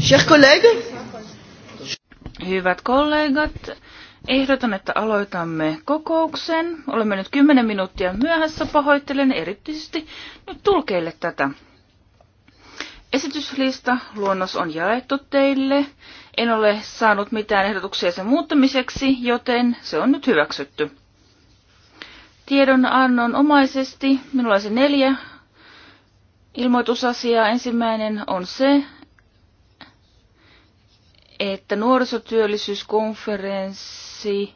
Chers collègues, Hyvät kollegat, ehdotan, että aloitamme kokouksen. Olemme nyt 10 minuuttia myöhässä, pahoittelen erityisesti nyt tulkeille tätä. Esityslista luonnos on jaettu teille. En ole saanut mitään ehdotuksia sen muuttamiseksi, joten se on nyt hyväksytty. Tiedonannon omaisesti minulla on se neljä ilmoitusasiaa. Ensimmäinen on se, että nuorisotyöllisyyskonferenssi,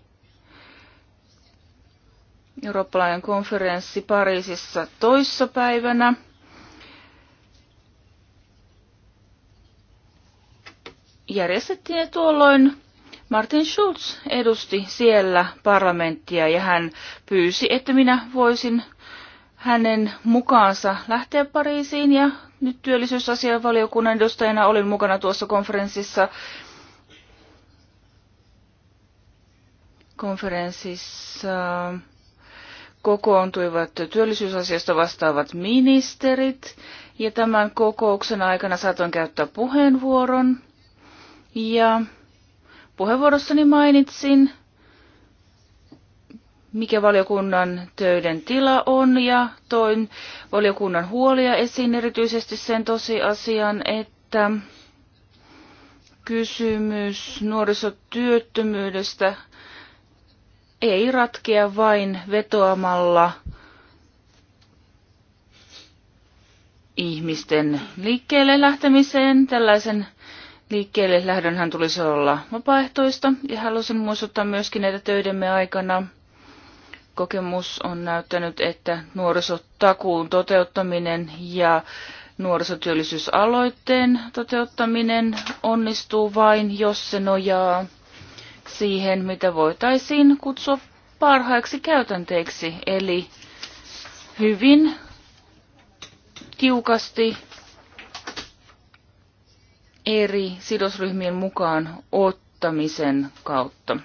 eurooppalainen konferenssi Pariisissa toissapäivänä, järjestettiin ja tuolloin Martin Schulz edusti siellä parlamenttia ja hän pyysi, että minä voisin hänen mukaansa lähteä Pariisiin ja nyt työllisyysasianvaliokunnan edustajana olin mukana tuossa konferenssissa konferenssissa äh, kokoontuivat työllisyysasiasta vastaavat ministerit ja tämän kokouksen aikana saatoin käyttää puheenvuoron ja puheenvuorossani mainitsin, mikä valiokunnan töiden tila on ja toin valiokunnan huolia esiin erityisesti sen tosiasian, että kysymys nuorisotyöttömyydestä ei ratkea vain vetoamalla ihmisten liikkeelle lähtemiseen. Tällaisen liikkeelle lähdönhän tulisi olla vapaaehtoista ja halusin muistuttaa myöskin, että töidemme aikana kokemus on näyttänyt, että nuorisotakuun toteuttaminen ja nuorisotyöllisyysaloitteen toteuttaminen onnistuu vain, jos se nojaa siihen, mitä voitaisiin kutsua parhaiksi käytänteeksi, eli hyvin tiukasti eri sidosryhmien mukaan ottamisen kautta.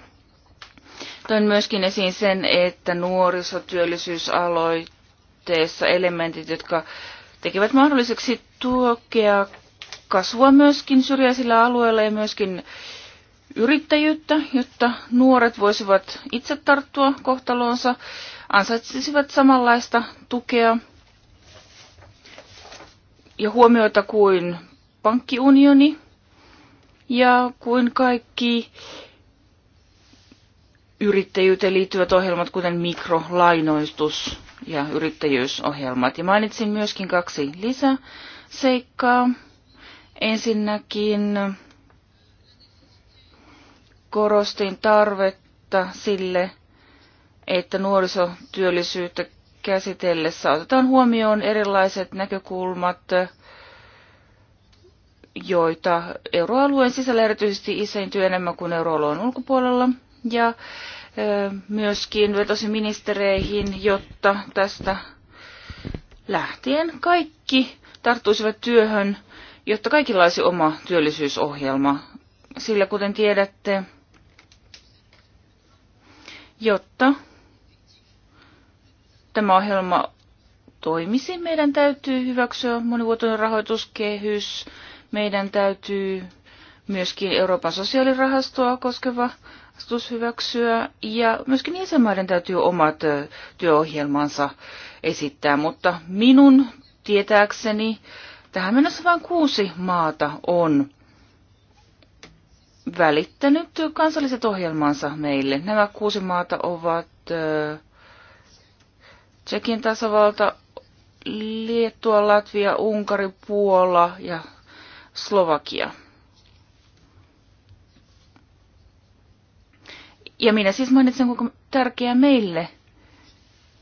Toin myöskin esiin sen, että nuorisotyöllisyysaloitteessa elementit, jotka tekevät mahdolliseksi tuokea kasvua myöskin syrjäisillä alueilla ja myöskin yrittäjyyttä, jotta nuoret voisivat itse tarttua kohtaloonsa, ansaitsisivat samanlaista tukea ja huomioita kuin pankkiunioni ja kuin kaikki yrittäjyyteen liittyvät ohjelmat, kuten mikrolainoistus ja yrittäjyysohjelmat. Ja mainitsin myöskin kaksi lisäseikkaa. Ensinnäkin korostin tarvetta sille, että nuorisotyöllisyyttä käsitellessä otetaan huomioon erilaiset näkökulmat, joita euroalueen sisällä erityisesti isäintyy enemmän kuin euroalueen ulkopuolella. Ja myöskin vetosi ministereihin, jotta tästä lähtien kaikki tarttuisivat työhön, jotta kaikilla olisi oma työllisyysohjelma. Sillä kuten tiedätte, Jotta tämä ohjelma toimisi, meidän täytyy hyväksyä monivuotoinen rahoituskehys. Meidän täytyy myöskin Euroopan sosiaalirahastoa koskeva asetus hyväksyä ja myöskin jäsenmaiden täytyy omat työohjelmansa esittää, mutta minun tietääkseni tähän mennessä vain kuusi maata on välittänyt kansalliset ohjelmansa meille. Nämä kuusi maata ovat Tsekin tasavalta, Liettua, Latvia, Unkari, Puola ja Slovakia. Ja minä siis mainitsen, kuinka tärkeää meille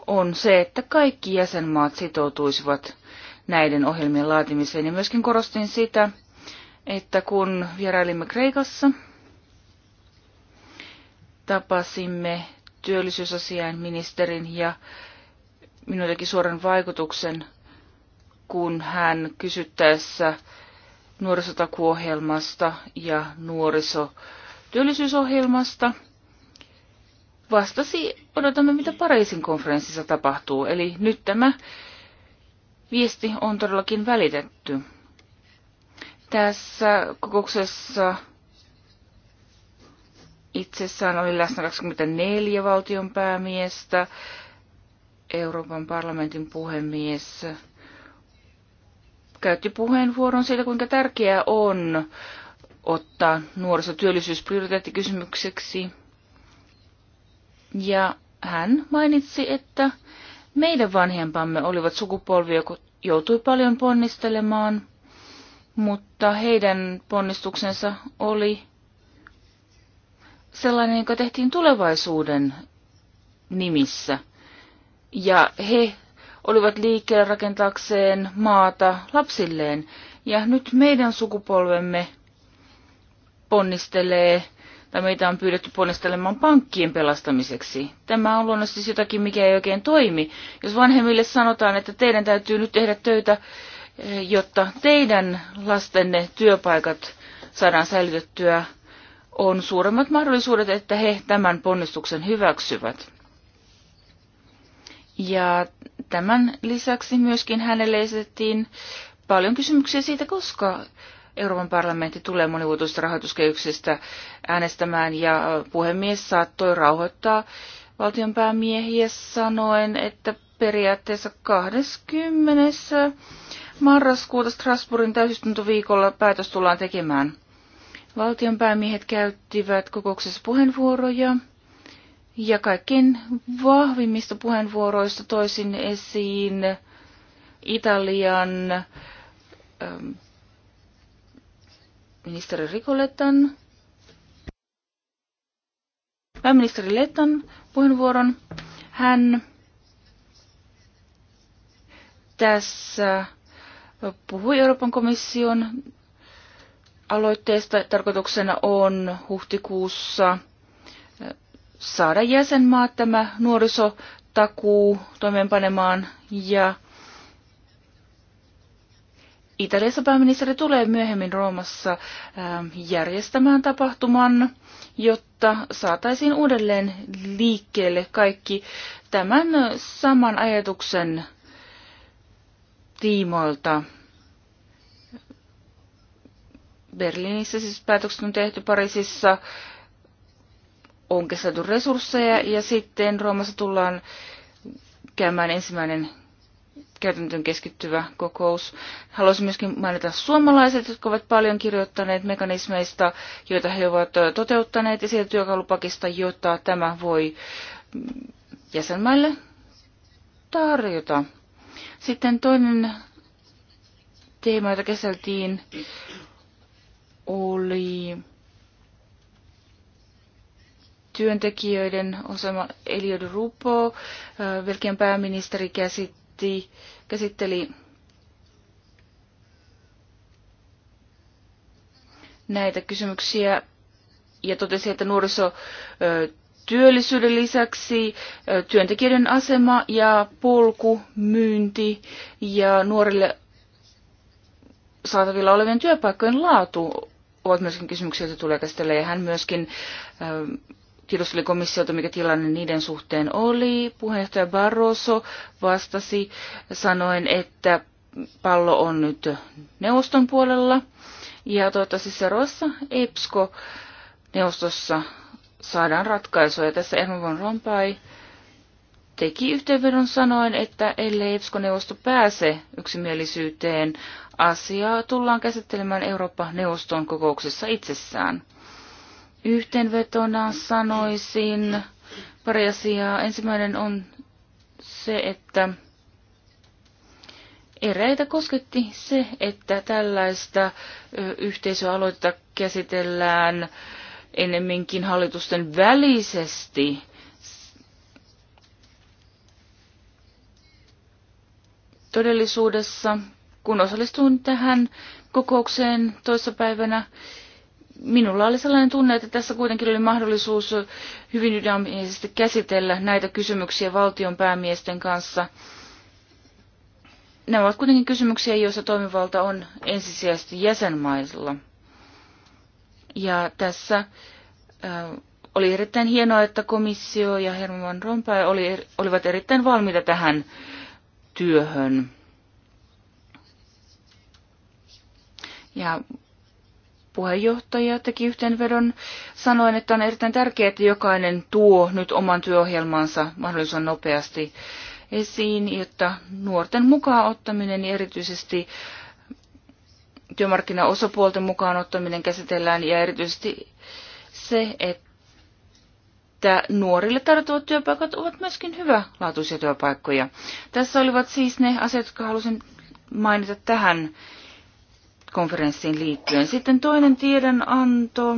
on se, että kaikki jäsenmaat sitoutuisivat näiden ohjelmien laatimiseen. Ja myöskin korostin sitä, että kun vierailimme Kreikassa, tapasimme työllisyysasian ministerin ja minun teki suoran vaikutuksen, kun hän kysyttäessä nuorisotakuohjelmasta ja nuorisotyöllisyysohjelmasta vastasi, odotamme mitä Pariisin konferenssissa tapahtuu. Eli nyt tämä viesti on todellakin välitetty. Tässä kokouksessa itsessään oli läsnä 24 valtion päämiestä, Euroopan parlamentin puhemies käytti puheenvuoron siitä, kuinka tärkeää on ottaa nuorisotyöllisyys prioriteettikysymykseksi. Ja hän mainitsi, että meidän vanhempamme olivat sukupolvi, joka joutui paljon ponnistelemaan – mutta heidän ponnistuksensa oli sellainen, joka tehtiin tulevaisuuden nimissä. Ja he olivat liikkeellä rakentaakseen maata lapsilleen. Ja nyt meidän sukupolvemme ponnistelee, tai meitä on pyydetty ponnistelemaan pankkien pelastamiseksi. Tämä on luonnollisesti jotakin, mikä ei oikein toimi. Jos vanhemmille sanotaan, että teidän täytyy nyt tehdä töitä jotta teidän lastenne työpaikat saadaan säilytettyä, on suuremmat mahdollisuudet, että he tämän ponnistuksen hyväksyvät. Ja tämän lisäksi myöskin hänelle esitettiin paljon kysymyksiä siitä, koska Euroopan parlamentti tulee monivuotoisesta rahoituskehyksestä äänestämään ja puhemies saattoi rauhoittaa valtionpäämiehiä sanoen, että periaatteessa 20. Marraskuuta Strasbourgin täysistuntoviikolla päätös tullaan tekemään. Valtionpäämiehet käyttivät kokouksessa puheenvuoroja ja kaikkein vahvimmista puheenvuoroista toisin esiin Italian ähm, ministeri Rikoletan, pääministeri Lettan puheenvuoron. Hän tässä puhui Euroopan komission aloitteesta. Tarkoituksena on huhtikuussa eh, saada jäsenmaat tämä nuorisotakuu toimeenpanemaan ja Italiassa pääministeri tulee myöhemmin Roomassa eh, järjestämään tapahtuman, jotta saataisiin uudelleen liikkeelle kaikki tämän saman ajatuksen tiimoilta. Berliinissä siis päätökset on tehty, Pariisissa on saatu resursseja ja sitten Roomassa tullaan käymään ensimmäinen käytäntöön keskittyvä kokous. Haluaisin myöskin mainita suomalaiset, jotka ovat paljon kirjoittaneet mekanismeista, joita he ovat toteuttaneet ja siitä työkalupakista, jota tämä voi jäsenmaille tarjota. Sitten toinen teema, jota käsiteltiin, oli työntekijöiden osama Eliod Rupo, Belgian pääministeri käsitti, käsitteli näitä kysymyksiä ja totesi, että nuoriso työllisyyden lisäksi työntekijöiden asema ja polku, myynti ja nuorille saatavilla olevien työpaikkojen laatu ovat myöskin kysymyksiä, joita tulee käsitellä. Ja hän myöskin tiedusteli komissiolta, mikä tilanne niiden suhteen oli. Puheenjohtaja Barroso vastasi sanoen, että pallo on nyt neuvoston puolella. Ja toivottavasti se Rossa EPSCO neuvostossa saadaan ratkaisuja. Tässä Erno von Rompuy teki yhteenvedon sanoen, että ellei EPSCO-neuvosto pääse yksimielisyyteen, asiaa tullaan käsittelemään Eurooppa-neuvoston kokouksessa itsessään. Yhteenvetona sanoisin pari asiaa. Ensimmäinen on se, että eräitä kosketti se, että tällaista yhteisöaloitetta käsitellään ennemminkin hallitusten välisesti todellisuudessa, kun osallistuin tähän kokoukseen toissapäivänä, minulla oli sellainen tunne, että tässä kuitenkin oli mahdollisuus hyvin dynaamisesti käsitellä näitä kysymyksiä valtion päämiesten kanssa. Nämä ovat kuitenkin kysymyksiä, joissa toimivalta on ensisijaisesti jäsenmailla. Ja tässä oli erittäin hienoa, että komissio ja Herman Rompuy oli, er, olivat erittäin valmiita tähän työhön. Ja puheenjohtaja teki yhteenvedon sanoen, että on erittäin tärkeää, että jokainen tuo nyt oman työohjelmansa mahdollisimman nopeasti esiin, jotta nuorten mukaan ottaminen ja erityisesti työmarkkinaosapuolten mukaan ottaminen käsitellään ja erityisesti se, että nuorille tarjottavat työpaikat ovat myöskin hyvälaatuisia työpaikkoja. Tässä olivat siis ne asiat, jotka halusin mainita tähän konferenssiin liittyen. Sitten toinen tiedonanto.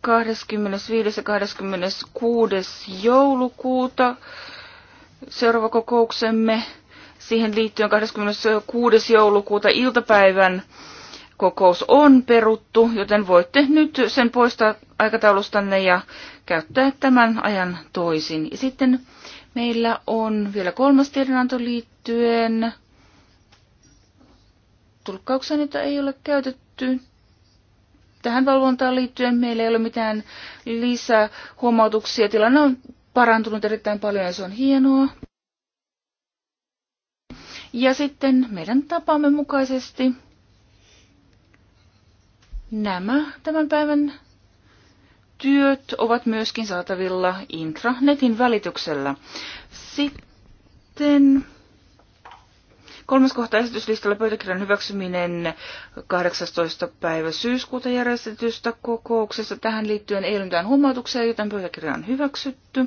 Kahdeskymmenesviides ja 26. joulukuuta seuraava kokouksemme siihen liittyen 26. joulukuuta iltapäivän kokous on peruttu, joten voitte nyt sen poistaa aikataulustanne ja käyttää tämän ajan toisin. Ja sitten meillä on vielä kolmas tiedonanto liittyen tulkkauksia, niitä ei ole käytetty. Tähän valvontaan liittyen meillä ei ole mitään lisähuomautuksia. Tilanne on parantunut erittäin paljon ja se on hienoa. Ja sitten meidän tapamme mukaisesti nämä tämän päivän työt ovat myöskin saatavilla intranetin välityksellä. Sitten kolmas kohta esityslistalla pöytäkirjan hyväksyminen 18. päivä syyskuuta järjestetystä kokouksesta. Tähän liittyen ei ole mitään huomautuksia, joten pöytäkirja on hyväksytty.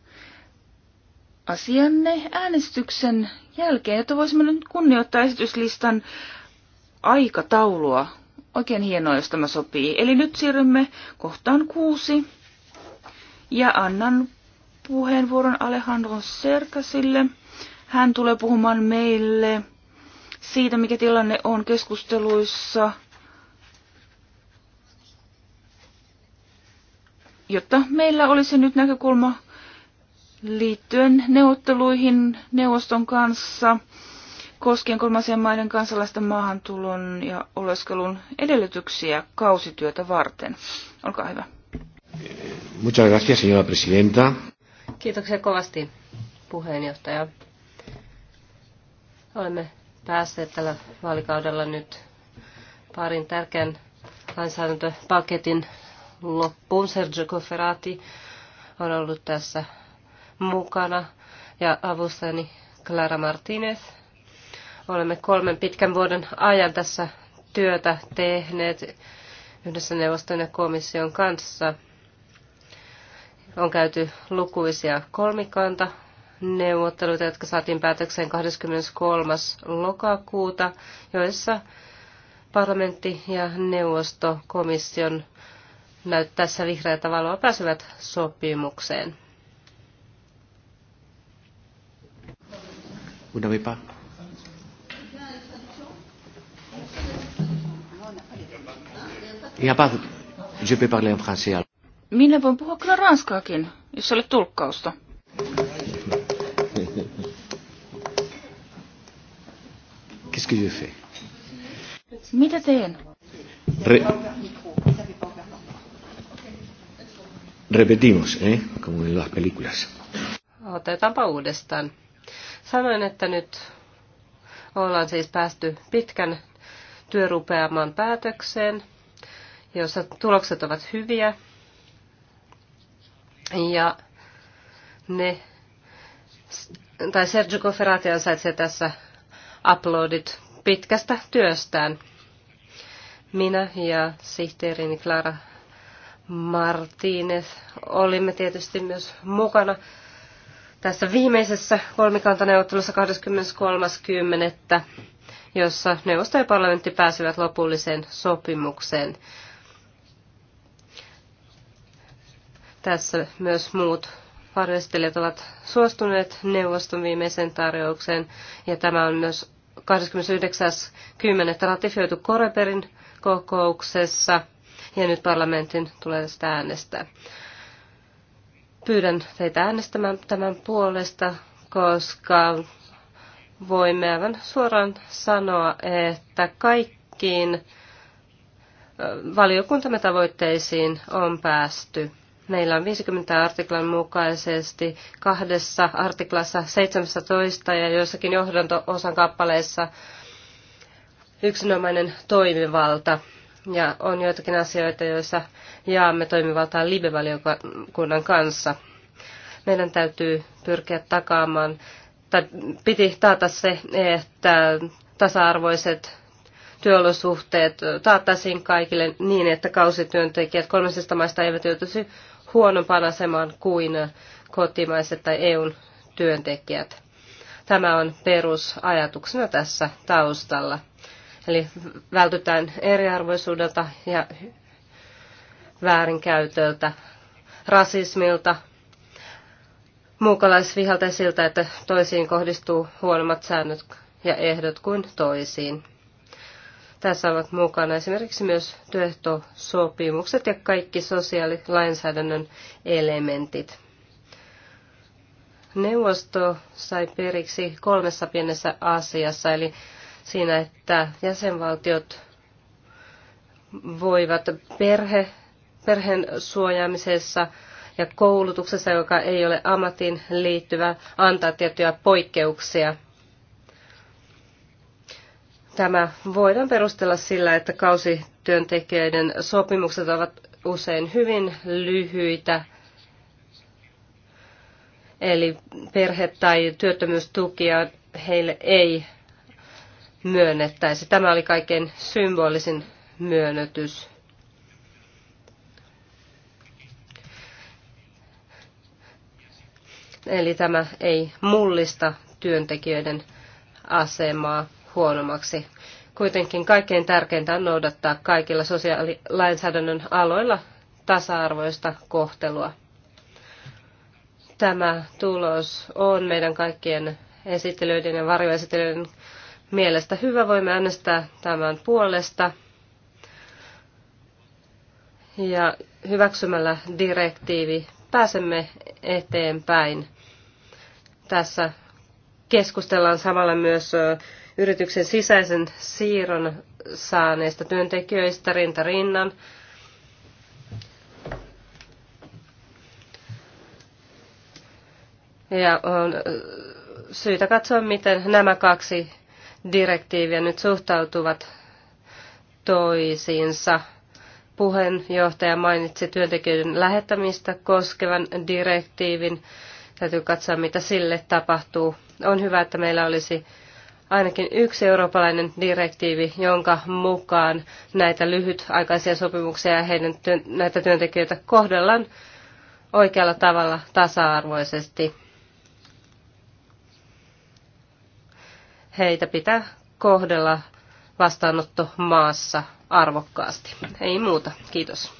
asianne äänestyksen jälkeen, jotta voisimme nyt kunnioittaa esityslistan aikataulua. Oikein hienoa, jos tämä sopii. Eli nyt siirrymme kohtaan kuusi ja annan puheenvuoron Alejandro Serkasille. Hän tulee puhumaan meille siitä, mikä tilanne on keskusteluissa, jotta meillä olisi nyt näkökulma liittyen neuvotteluihin neuvoston kanssa koskien kolmansien maiden kansalaisten maahantulon ja oleskelun edellytyksiä kausityötä varten. Olkaa hyvä. Muchas gracias, señora presidenta. Kiitoksia kovasti, puheenjohtaja. Olemme päässeet tällä vaalikaudella nyt parin tärkeän lainsäädäntöpaketin loppuun. Sergio Cofferati on ollut tässä mukana ja avustajani Clara Martinez. Olemme kolmen pitkän vuoden ajan tässä työtä tehneet yhdessä neuvoston ja komission kanssa. On käyty lukuisia kolmikanta neuvotteluita, jotka saatiin päätökseen 23. lokakuuta, joissa parlamentti ja neuvosto näyttäessä vihreätä valoa pääsevät sopimukseen. Vous n'avez pas Il n'y a pas... Je peux parler en français. Minä voin puhua kyllä ranskaakin, jos olet tulkkausta. Qu'est-ce que je fais Mitä teen? Re... Repetimos, eh? Como en las películas. Otetaanpa uudestaan. Sanoin, että nyt ollaan siis päästy pitkän työrupeamaan päätökseen, jossa tulokset ovat hyviä. Ja ne, tai Sergio Cofferati ansaitsee tässä uploadit pitkästä työstään. Minä ja sihteerini Clara Martínez olimme tietysti myös mukana tässä viimeisessä kolmikantaneuvottelussa 23.10., jossa neuvosto ja parlamentti pääsivät lopulliseen sopimukseen. Tässä myös muut varjostelijat ovat suostuneet neuvoston viimeiseen tarjoukseen, ja tämä on myös 29.10. ratifioitu Koreperin kokouksessa, ja nyt parlamentin tulee sitä äänestää. Pyydän teitä äänestämään tämän puolesta, koska voimme aivan suoraan sanoa, että kaikkiin valiokuntamme tavoitteisiin on päästy. Meillä on 50 artiklan mukaisesti kahdessa artiklassa 17 ja joissakin johdanto-osan kappaleissa yksinomainen toimivalta. Ja on joitakin asioita, joissa jaamme toimivaltaa libevaliokunnan kanssa. Meidän täytyy pyrkiä takaamaan, tai piti taata se, että tasa-arvoiset työolosuhteet taattaisiin kaikille niin, että kausityöntekijät kolmesista maista eivät joutuisi huonompaan asemaan kuin kotimaiset tai EUn työntekijät. Tämä on perusajatuksena tässä taustalla. Eli vältytään eriarvoisuudelta ja väärinkäytöltä, rasismilta, muukalaisvihalta ja siltä, että toisiin kohdistuu huonommat säännöt ja ehdot kuin toisiin. Tässä ovat mukana esimerkiksi myös työehtosopimukset ja kaikki sosiaalilainsäädännön elementit. Neuvosto sai periksi kolmessa pienessä asiassa, eli siinä, että jäsenvaltiot voivat perhe, perheen suojaamisessa ja koulutuksessa, joka ei ole ammatin liittyvä, antaa tiettyjä poikkeuksia. Tämä voidaan perustella sillä, että kausityöntekijöiden sopimukset ovat usein hyvin lyhyitä, eli perhe- tai työttömyystukia heille ei myönnettäisi. Tämä oli kaikkein symbolisin myönnytys. Eli tämä ei mullista työntekijöiden asemaa huonommaksi. Kuitenkin kaikkein tärkeintä on noudattaa kaikilla sosiaalilainsäädännön aloilla tasa-arvoista kohtelua. Tämä tulos on meidän kaikkien esittelyiden ja varjoesittelyiden mielestä hyvä. Voimme äänestää tämän puolesta. Ja hyväksymällä direktiivi pääsemme eteenpäin. Tässä keskustellaan samalla myös yrityksen sisäisen siirron saaneista työntekijöistä rinta rinnan. Ja on syytä katsoa, miten nämä kaksi direktiiviä nyt suhtautuvat toisiinsa. Puheenjohtaja mainitsi työntekijöiden lähettämistä koskevan direktiivin. Täytyy katsoa, mitä sille tapahtuu. On hyvä, että meillä olisi ainakin yksi eurooppalainen direktiivi, jonka mukaan näitä lyhytaikaisia sopimuksia ja heidän työ, näitä työntekijöitä kohdellaan oikealla tavalla tasa-arvoisesti. heitä pitää kohdella vastaanotto maassa arvokkaasti. Ei muuta. Kiitos.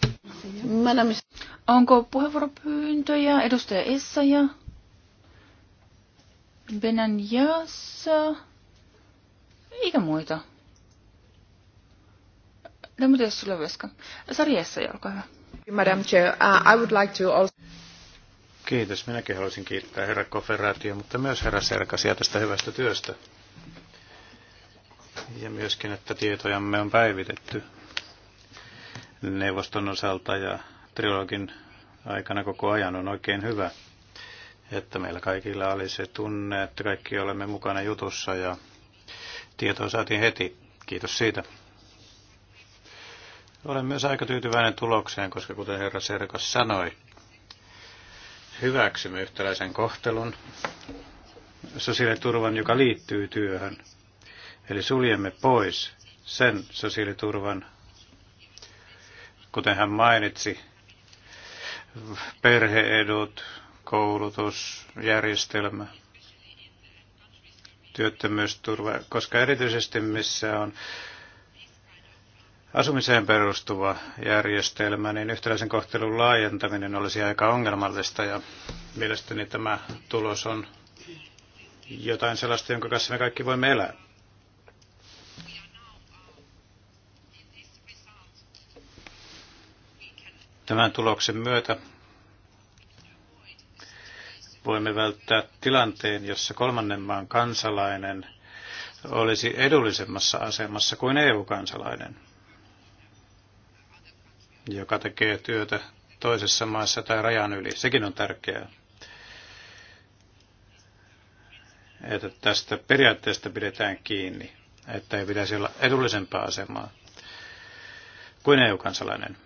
Onko puheenvuoropyyntöjä? Edustaja ja Benan Jassa? Eikä muita. No mitä jos sulla veska? Sari Essa, olkaa hyvä. Madam Chair, uh, I would like to also... Kiitos. Minäkin haluaisin kiittää herra Koferaatio, mutta myös herra Serkasia tästä hyvästä työstä ja myöskin, että tietojamme on päivitetty neuvoston osalta ja trilogin aikana koko ajan on oikein hyvä, että meillä kaikilla oli se tunne, että kaikki olemme mukana jutussa ja tietoa saatiin heti. Kiitos siitä. Olen myös aika tyytyväinen tulokseen, koska kuten herra Serkas sanoi, hyväksymme yhtäläisen kohtelun sosiaaliturvan, joka liittyy työhön – Eli suljemme pois sen sosiaaliturvan, kuten hän mainitsi, perheedut, koulutusjärjestelmä, työttömyysturva, koska erityisesti missä on asumiseen perustuva järjestelmä, niin yhtäläisen kohtelun laajentaminen olisi aika ongelmallista ja mielestäni tämä tulos on jotain sellaista, jonka kanssa me kaikki voimme elää. Tämän tuloksen myötä voimme välttää tilanteen, jossa kolmannen maan kansalainen olisi edullisemmassa asemassa kuin EU-kansalainen, joka tekee työtä toisessa maassa tai rajan yli. Sekin on tärkeää, että tästä periaatteesta pidetään kiinni, että ei pitäisi olla edullisempaa asemaa kuin EU-kansalainen.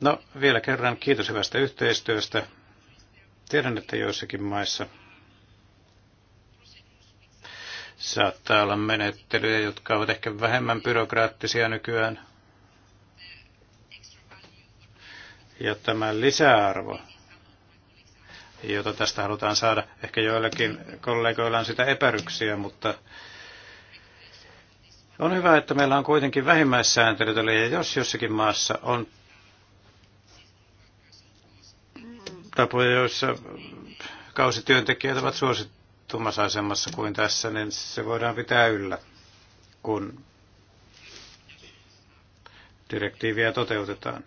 No vielä kerran kiitos hyvästä yhteistyöstä. Tiedän, että joissakin maissa saattaa olla menettelyjä, jotka ovat ehkä vähemmän byrokraattisia nykyään. Ja tämä lisäarvo, jota tästä halutaan saada, ehkä joillakin kollegoilla on sitä epäryksiä, mutta on hyvä, että meillä on kuitenkin vähimmäissääntelyt, eli jos jossakin maassa on tapoja, joissa kausityöntekijät ovat suosittumassa asemassa kuin tässä, niin se voidaan pitää yllä, kun direktiiviä toteutetaan.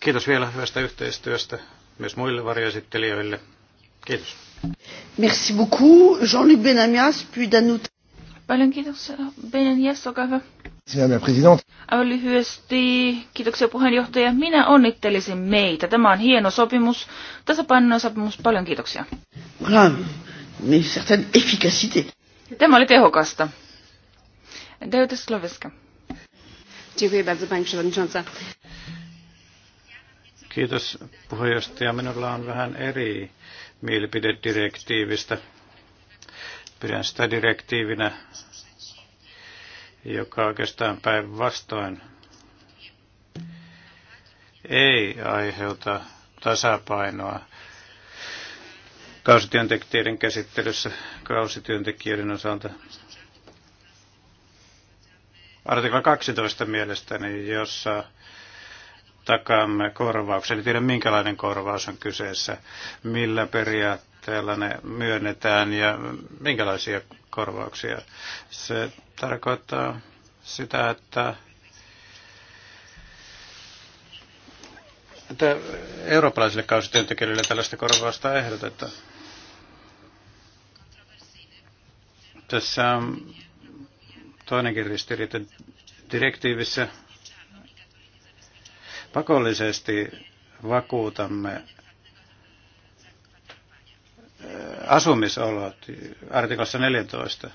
Kiitos vielä hyvästä yhteistyöstä myös muille varjoesittelijöille. Kiitos. Merci beaucoup, Jean-Luc Benamias, puis Danut. Paljon kiitos, Benamias, olkaa hyvä. Aivan lyhyesti, kiitoksia puheenjohtaja. Minä onnittelisin meitä. Tämä on hieno sopimus, tasapainoinen sopimus. Paljon kiitoksia. Tämä oli tehokasta. Deuda Sloveska. Kiitos puheenjohtaja. Minulla on vähän eri mielipide direktiivistä. Pidän sitä direktiivinä, joka oikeastaan päinvastoin ei aiheuta tasapainoa kausityöntekijöiden käsittelyssä kausityöntekijöiden osalta. Artikla 12 mielestäni, jossa takaamme korvauksen. En tiedä, minkälainen korvaus on kyseessä, millä periaatteella täällä ne myönnetään ja minkälaisia korvauksia. Se tarkoittaa sitä, että että eurooppalaisille kausityöntekijöille tällaista korvausta ehdotetaan. Tässä on toinenkin ristiriita direktiivissä. Pakollisesti vakuutamme asumisolot artiklassa 14.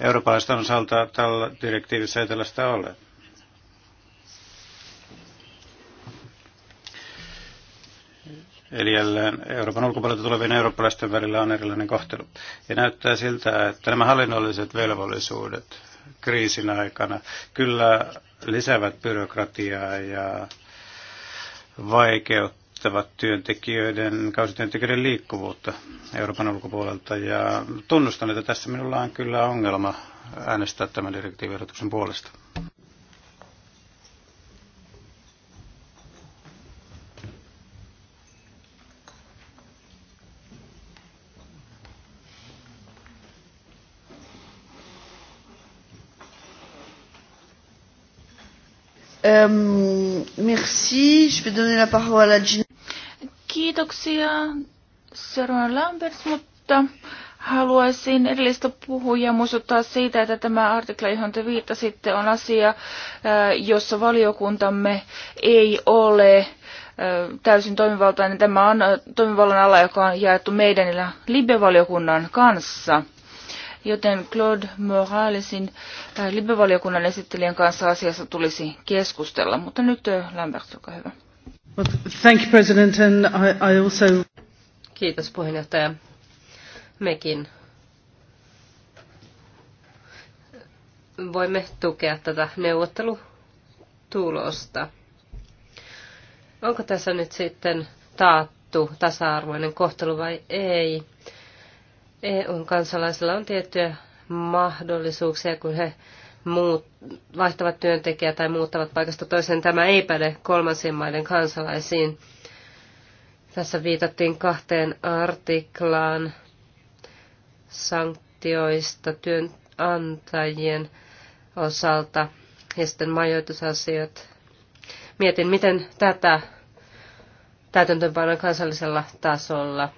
Eurooppalaista osalta tällä direktiivissä ei tällaista ole. Eli jälleen Euroopan ulkopuolelta tulevien eurooppalaisten välillä on erilainen kohtelu. Ja näyttää siltä, että nämä hallinnolliset velvollisuudet kriisin aikana kyllä lisäävät byrokratiaa ja vaikeutta vahvistavat työntekijöiden, kausityöntekijöiden liikkuvuutta Euroopan ulkopuolelta. Ja tunnustan, että tässä minulla on kyllä ongelma äänestää tämän direktiiviehdotuksen puolesta. merci. Je vais donner la parole à Gina. Kiitoksia Seron Lambert, mutta haluaisin edellistä puhujaa muistuttaa siitä, että tämä artikla, johon te viittasitte, on asia, äh, jossa valiokuntamme ei ole äh, täysin toimivaltainen. Tämä on äh, toimivallan ala, joka on jaettu meidän ja Libe-valiokunnan kanssa. Joten Claude Moralesin Libe-valiokunnan esittelijän kanssa asiassa tulisi keskustella. Mutta nyt Lambert, olkaa hyvä. Thank you, President, and I, I also... Kiitos puheenjohtaja. Mekin voimme tukea tätä neuvottelutulosta. Onko tässä nyt sitten taattu tasa-arvoinen kohtelu vai ei? EUn kansalaisilla on tiettyjä mahdollisuuksia, kun he muut, vaihtavat työntekijät tai muuttavat paikasta toiseen. Tämä ei päde kolmansien maiden kansalaisiin. Tässä viitattiin kahteen artiklaan sanktioista työnantajien osalta ja sitten majoitusasiat. Mietin, miten tätä täytäntöönpanon kansallisella tasolla.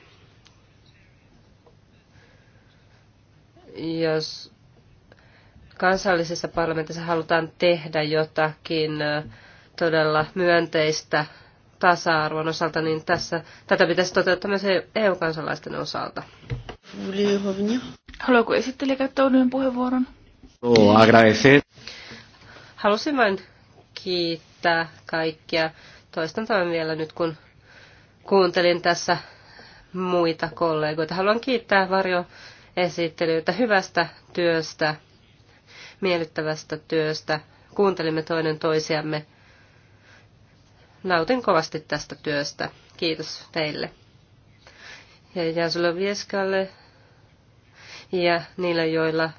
Jos kansallisessa parlamentissa halutaan tehdä jotakin todella myönteistä tasa-arvon osalta, niin tässä, tätä pitäisi toteuttaa myös EU-kansalaisten osalta. Haluatko esittelijä käyttää uuden puheenvuoron? Oh, Halusin vain kiittää kaikkia. Toistan tämän vielä nyt, kun kuuntelin tässä muita kollegoita. Haluan kiittää Varjo esittelyitä hyvästä työstä miellyttävästä työstä. Kuuntelimme toinen toisiamme. Nautin kovasti tästä työstä. Kiitos teille. Ja Vieskalle ja niille, joilla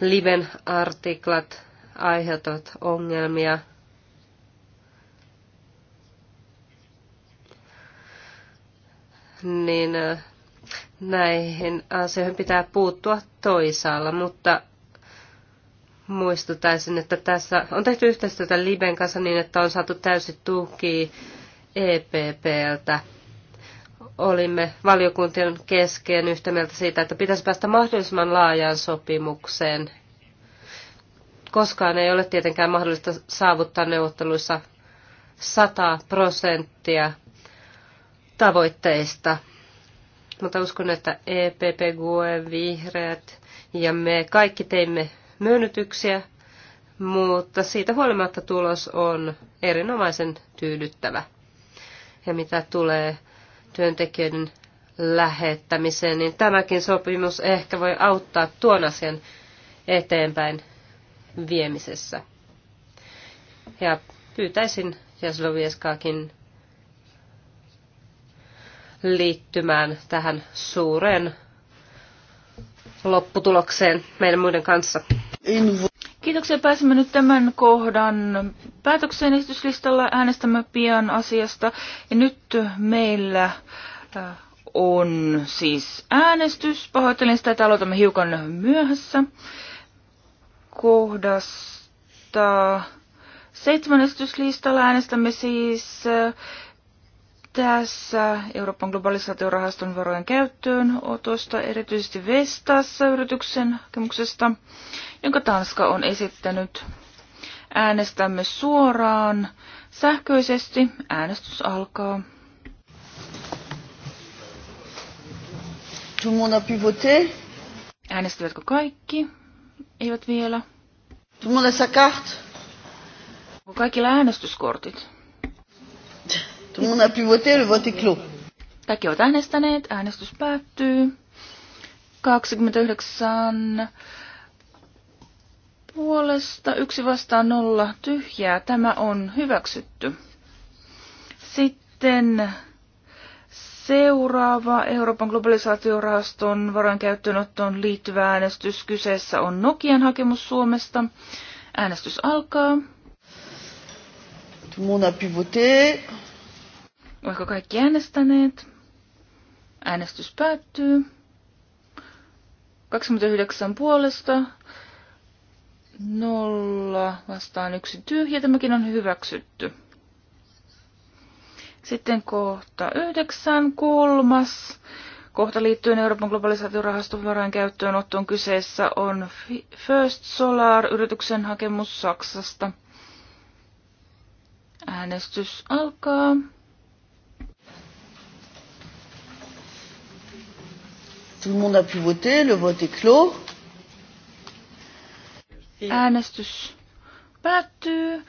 Liben artiklat aiheutuvat ongelmia. Niin äh, näihin asioihin pitää puuttua toisaalla, mutta muistutaisin, että tässä on tehty yhteistyötä Liben kanssa niin, että on saatu täysi tuki EPPltä. Olimme valiokuntien kesken yhtä mieltä siitä, että pitäisi päästä mahdollisimman laajaan sopimukseen. Koskaan ei ole tietenkään mahdollista saavuttaa neuvotteluissa 100 prosenttia tavoitteista. Mutta uskon, että EPP, GUE, Vihreät ja me kaikki teimme myönnytyksiä, mutta siitä huolimatta tulos on erinomaisen tyydyttävä. Ja mitä tulee työntekijöiden lähettämiseen, niin tämäkin sopimus ehkä voi auttaa tuon asian eteenpäin viemisessä. Ja pyytäisin Jaslovieskaakin liittymään tähän suureen lopputulokseen meidän muiden kanssa. Kiitoksia. Pääsemme nyt tämän kohdan päätökseen esityslistalla. Äänestämme pian asiasta. Ja nyt meillä äh, on siis äänestys. Pahoittelen sitä, että aloitamme hiukan myöhässä. Kohdasta seitsemän esityslistalla äänestämme siis äh, tässä Euroopan globalisaatiorahaston varojen käyttöön otosta, erityisesti Vestassa yrityksen hakemuksesta, jonka Tanska on esittänyt. Äänestämme suoraan sähköisesti. Äänestys alkaa. Tout le monde a pu voter? Äänestivätkö kaikki? Eivät vielä. Tout le monde a sa carte? Onko kaikilla äänestyskortit? Tout le monde a pu voter, le vote est clos. Kaikki ovat äänestäneet, äänestys päättyy. 29 puolesta, yksi vastaan nolla tyhjää. Tämä on hyväksytty. Sitten seuraava Euroopan globalisaatiorahaston varojen käyttöönottoon liittyvä äänestys. Kyseessä on Nokian hakemus Suomesta. Äänestys alkaa. Tout le monde a pu voter. Oliko kaikki äänestäneet? Äänestys päättyy. 29 puolesta, nolla vastaan yksi tyhjä. Tämäkin on hyväksytty. Sitten kohta yhdeksän, kolmas. Kohta liittyen Euroopan globalisaatiorahaston varain käyttöönottoon kyseessä on First Solar-yrityksen hakemus Saksasta. Äänestys alkaa. Tout le monde a pu voter, le vote est clos. Äänestys päättyy.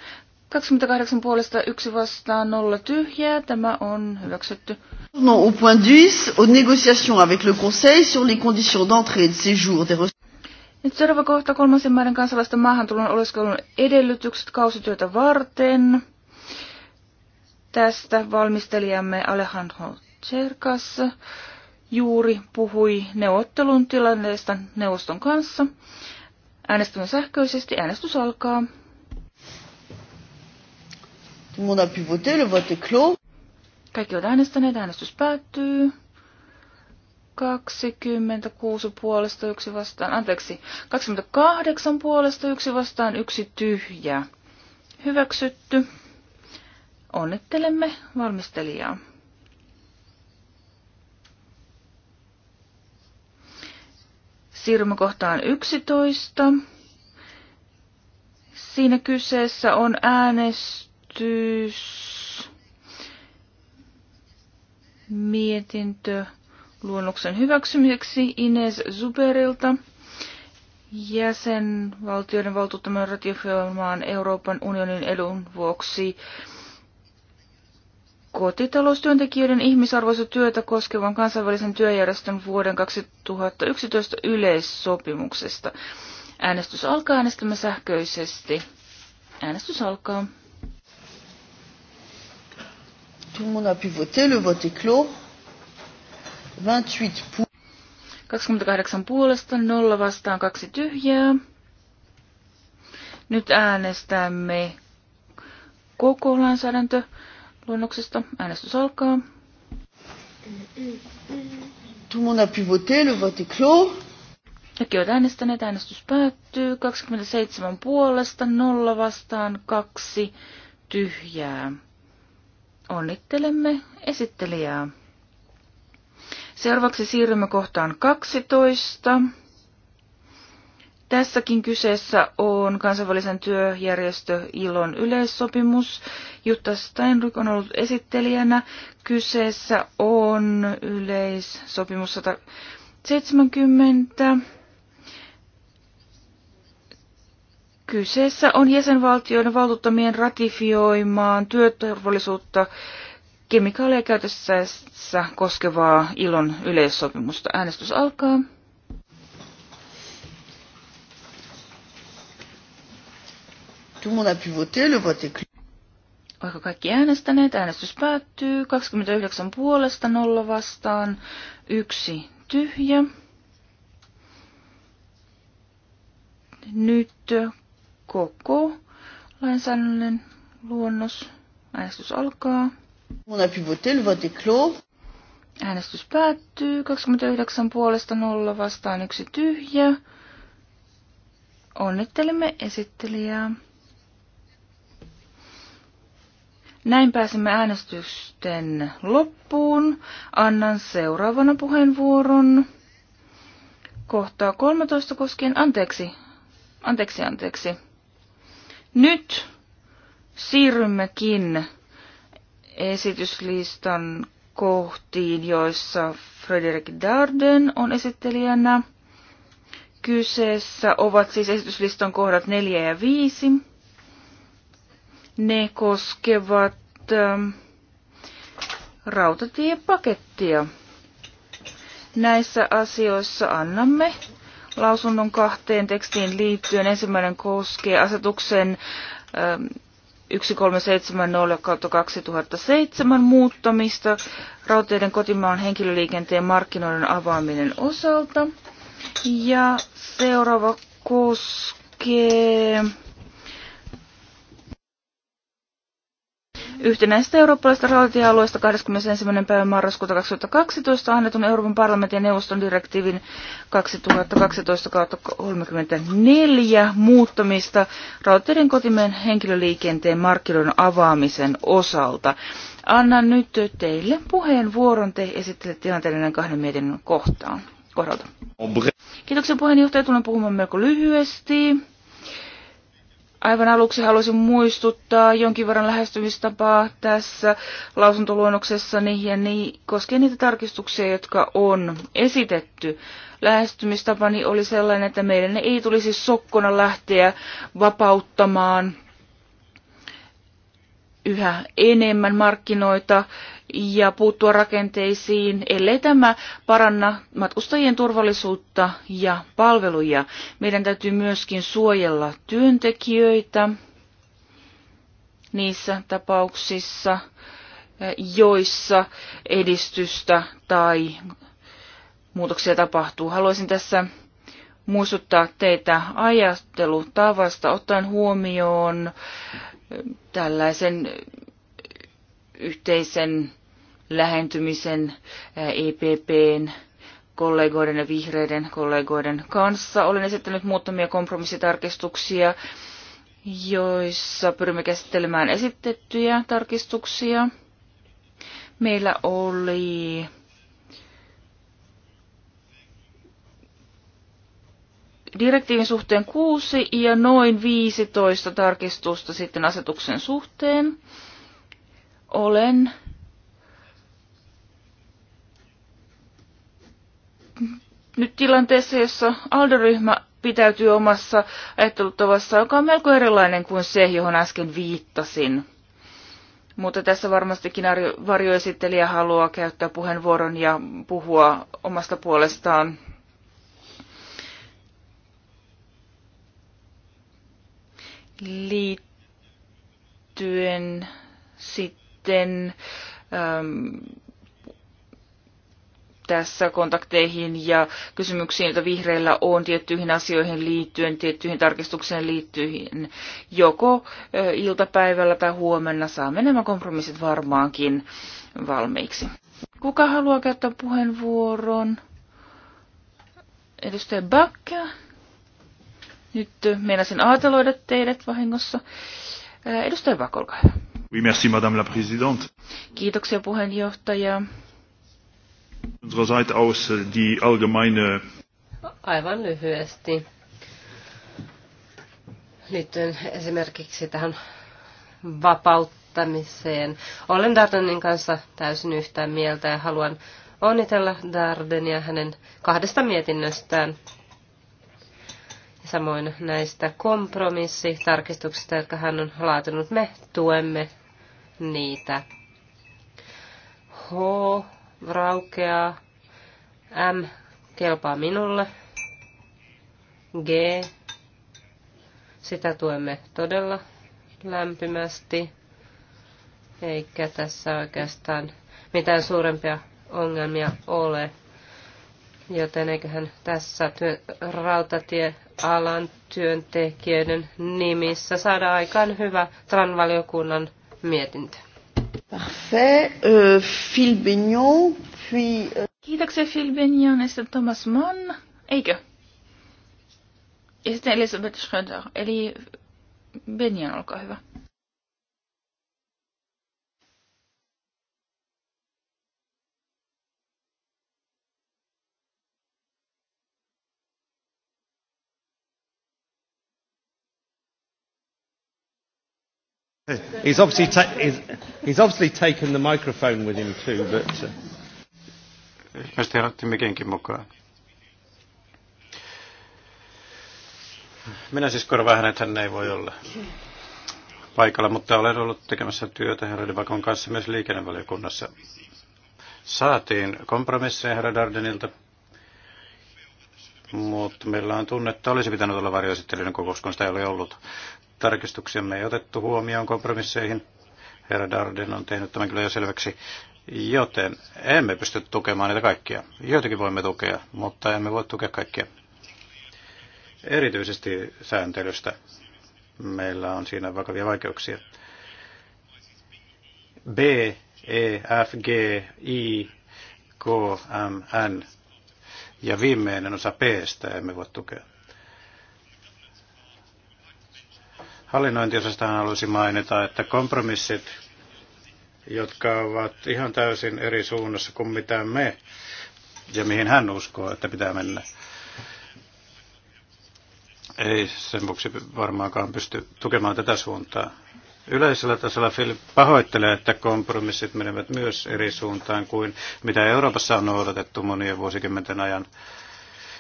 28 puolesta yksi vastaan nolla tyhjää. Tämä on hyväksytty. Non, au point 10, aux négociations avec le Conseil sur les conditions d'entrée et de séjour des Nyt seuraava kohta kolmansien maiden kansalaisten maahantulon oleskelun edellytykset kausityötä varten. Tästä valmistelijamme Alejandro Cercas juuri puhui neuvottelun tilanteesta neuvoston kanssa. Äänestämme sähköisesti. Äänestys alkaa. Kaikki ovat äänestäneet. Äänestys päättyy. 26 puolesta, yksi vastaan, anteeksi, 28 puolesta, yksi vastaan, yksi tyhjä. Hyväksytty. Onnittelemme valmistelijaa. Siirrymme kohtaan 11. Siinä kyseessä on äänestys, mietintö luonnoksen hyväksymiseksi Ines Zuberilta. Jäsenvaltioiden valtuuttaman ratifioimaan Euroopan unionin edun vuoksi kotitaloustyöntekijöiden ihmisarvoista työtä koskevan kansainvälisen työjärjestön vuoden 2011 yleissopimuksesta. Äänestys alkaa äänestämme sähköisesti. Äänestys alkaa. Tout le monde a pu voter, le vote est clos. 28 pour. 28 puolesta, 0 vastaan, 2 tyhjää. Nyt äänestämme koko lainsäädäntö luonnoksesta. Äänestys alkaa. Tout le monde a pu voter, le vote est clos. Kaikki ovat äänestäneet, äänestys päättyy. 27 puolesta, 0 vastaan, 2 tyhjää. Onnittelemme esittelijää. Seuraavaksi siirrymme kohtaan 12. Tässäkin kyseessä on kansainvälisen työjärjestö ILON yleissopimus. Jutta Steinryk on ollut esittelijänä. Kyseessä on yleissopimus 170. Kyseessä on jäsenvaltioiden valtuuttamien ratifioimaan työturvallisuutta kemikaaleja käytössä koskevaa ILON yleissopimusta. Äänestys alkaa. Tout le monde a pu voter, le vote est clos. Oliko kaikki äänestäneet? Äänestys päättyy. 29 puolesta, 0 vastaan, yksi tyhjä. Nyt koko lainsäädännön luonnos. Äänestys alkaa. On a pu voter, le vote est clos. Äänestys päättyy. 29 puolesta 0 vastaan yksi tyhjä. Onnittelemme esittelijää. Näin pääsemme äänestysten loppuun. Annan seuraavana puheenvuoron kohtaa 13 koskien. Anteeksi, anteeksi, anteeksi. Nyt siirrymmekin esityslistan kohtiin, joissa Frederik Darden on esittelijänä. Kyseessä ovat siis esityslistan kohdat 4 ja 5. Ne koskevat ähm, rautatiepakettia. Näissä asioissa annamme lausunnon kahteen tekstiin liittyen. Ensimmäinen koskee asetuksen 1370-2007 ähm, muuttamista rautateiden kotimaan henkilöliikenteen markkinoiden avaaminen osalta. Ja seuraava koskee yhtenäisestä eurooppalaisesta rautatiealueesta 21. päivä marraskuuta 2012 annetun Euroopan parlamentin ja neuvoston direktiivin 2012-34 muuttamista rautateiden kotimeen henkilöliikenteen markkinoiden avaamisen osalta. Annan nyt teille puheenvuoron. Te esittelette tilanteiden kahden mietinnön kohtaan. Kohdalta. Kiitoksia puheenjohtaja. Tulen puhumaan melko lyhyesti. Aivan aluksi haluaisin muistuttaa jonkin verran lähestymistapaa tässä lausuntoluonnoksessani ja niin, koskien niitä tarkistuksia, jotka on esitetty. Lähestymistapani oli sellainen, että meidän ei tulisi sokkona lähteä vapauttamaan yhä enemmän markkinoita ja puuttua rakenteisiin, ellei tämä paranna matkustajien turvallisuutta ja palveluja. Meidän täytyy myöskin suojella työntekijöitä niissä tapauksissa, joissa edistystä tai muutoksia tapahtuu. Haluaisin tässä muistuttaa teitä ajattelutavasta ottaen huomioon tällaisen yhteisen lähentymisen EPPn eh, e kollegoiden ja vihreiden kollegoiden kanssa. Olen esittänyt muutamia kompromissitarkistuksia, joissa pyrimme käsittelemään esitettyjä tarkistuksia. Meillä oli direktiivin suhteen kuusi ja noin 15 tarkistusta sitten asetuksen suhteen. Olen nyt tilanteessa, jossa Aldo-ryhmä pitäytyy omassa ajattelutavassa, joka on melko erilainen kuin se, johon äsken viittasin. Mutta tässä varmastikin varjoesittelijä haluaa käyttää puheenvuoron ja puhua omasta puolestaan. Liittyen sitten ähm, tässä kontakteihin ja kysymyksiin, joita vihreillä on tiettyihin asioihin liittyen, tiettyihin tarkistukseen liittyen, joko iltapäivällä tai huomenna saamme nämä kompromissit varmaankin valmiiksi. Kuka haluaa käyttää puheenvuoron? Edustaja Bakka. Nyt meinasin aateloida teidät vahingossa. Edustaja Bakka, olkaa hyvä. Oui, merci, madame la présidente. Kiitoksia puheenjohtaja. Äh, Aivan lyhyesti. Liittyen esimerkiksi tähän vapauttamiseen. Olen Dardenin kanssa täysin yhtä mieltä ja haluan onnitella Dardenia hänen kahdesta mietinnöstään. Samoin näistä kompromissitarkistuksista, jotka hän on laatinut, me tuemme niitä. H raukeaa. M kelpaa minulle. G. Sitä tuemme todella lämpimästi. Eikä tässä oikeastaan mitään suurempia ongelmia ole. Joten eiköhän tässä työ, rautatiealan työntekijöiden nimissä saada aikaan hyvä tranvaliokunnan mietintö. Parfait. Euh, Phil Bignon, puis... Euh... Kiitoksia Phil Bignon ja sitten Thomas Mann. Eikö? Ja sitten Elizabeth Schröder. Eli Benyon, olkaa hyvä. He's obviously, ta- he's, he's obviously taken the microphone with him too, but... uh, Minä siis korvaan hänet, hän ei voi olla paikalla, mutta olen ollut tekemässä työtä herra Divakon kanssa myös liikennevaliokunnassa. Saatiin kompromisseja herra Dardenilta, mutta meillä on tunne, että olisi pitänyt olla varjoesittelyiden kokous, kun sitä ei ole ollut tarkistuksemme ei otettu huomioon kompromisseihin. Herra Darden on tehnyt tämän kyllä jo selväksi. Joten emme pysty tukemaan niitä kaikkia. Joitakin voimme tukea, mutta emme voi tukea kaikkia. Erityisesti sääntelystä meillä on siinä vakavia vaikeuksia. B, E, F, G, I, K, M, N ja viimeinen osa P, emme voi tukea. hallinnointiosasta haluaisin mainita, että kompromissit, jotka ovat ihan täysin eri suunnassa kuin mitä me ja mihin hän uskoo, että pitää mennä. Ei sen vuoksi varmaankaan pysty tukemaan tätä suuntaa. Yleisellä tasolla Phil pahoittelee, että kompromissit menevät myös eri suuntaan kuin mitä Euroopassa on noudatettu monien vuosikymmenten ajan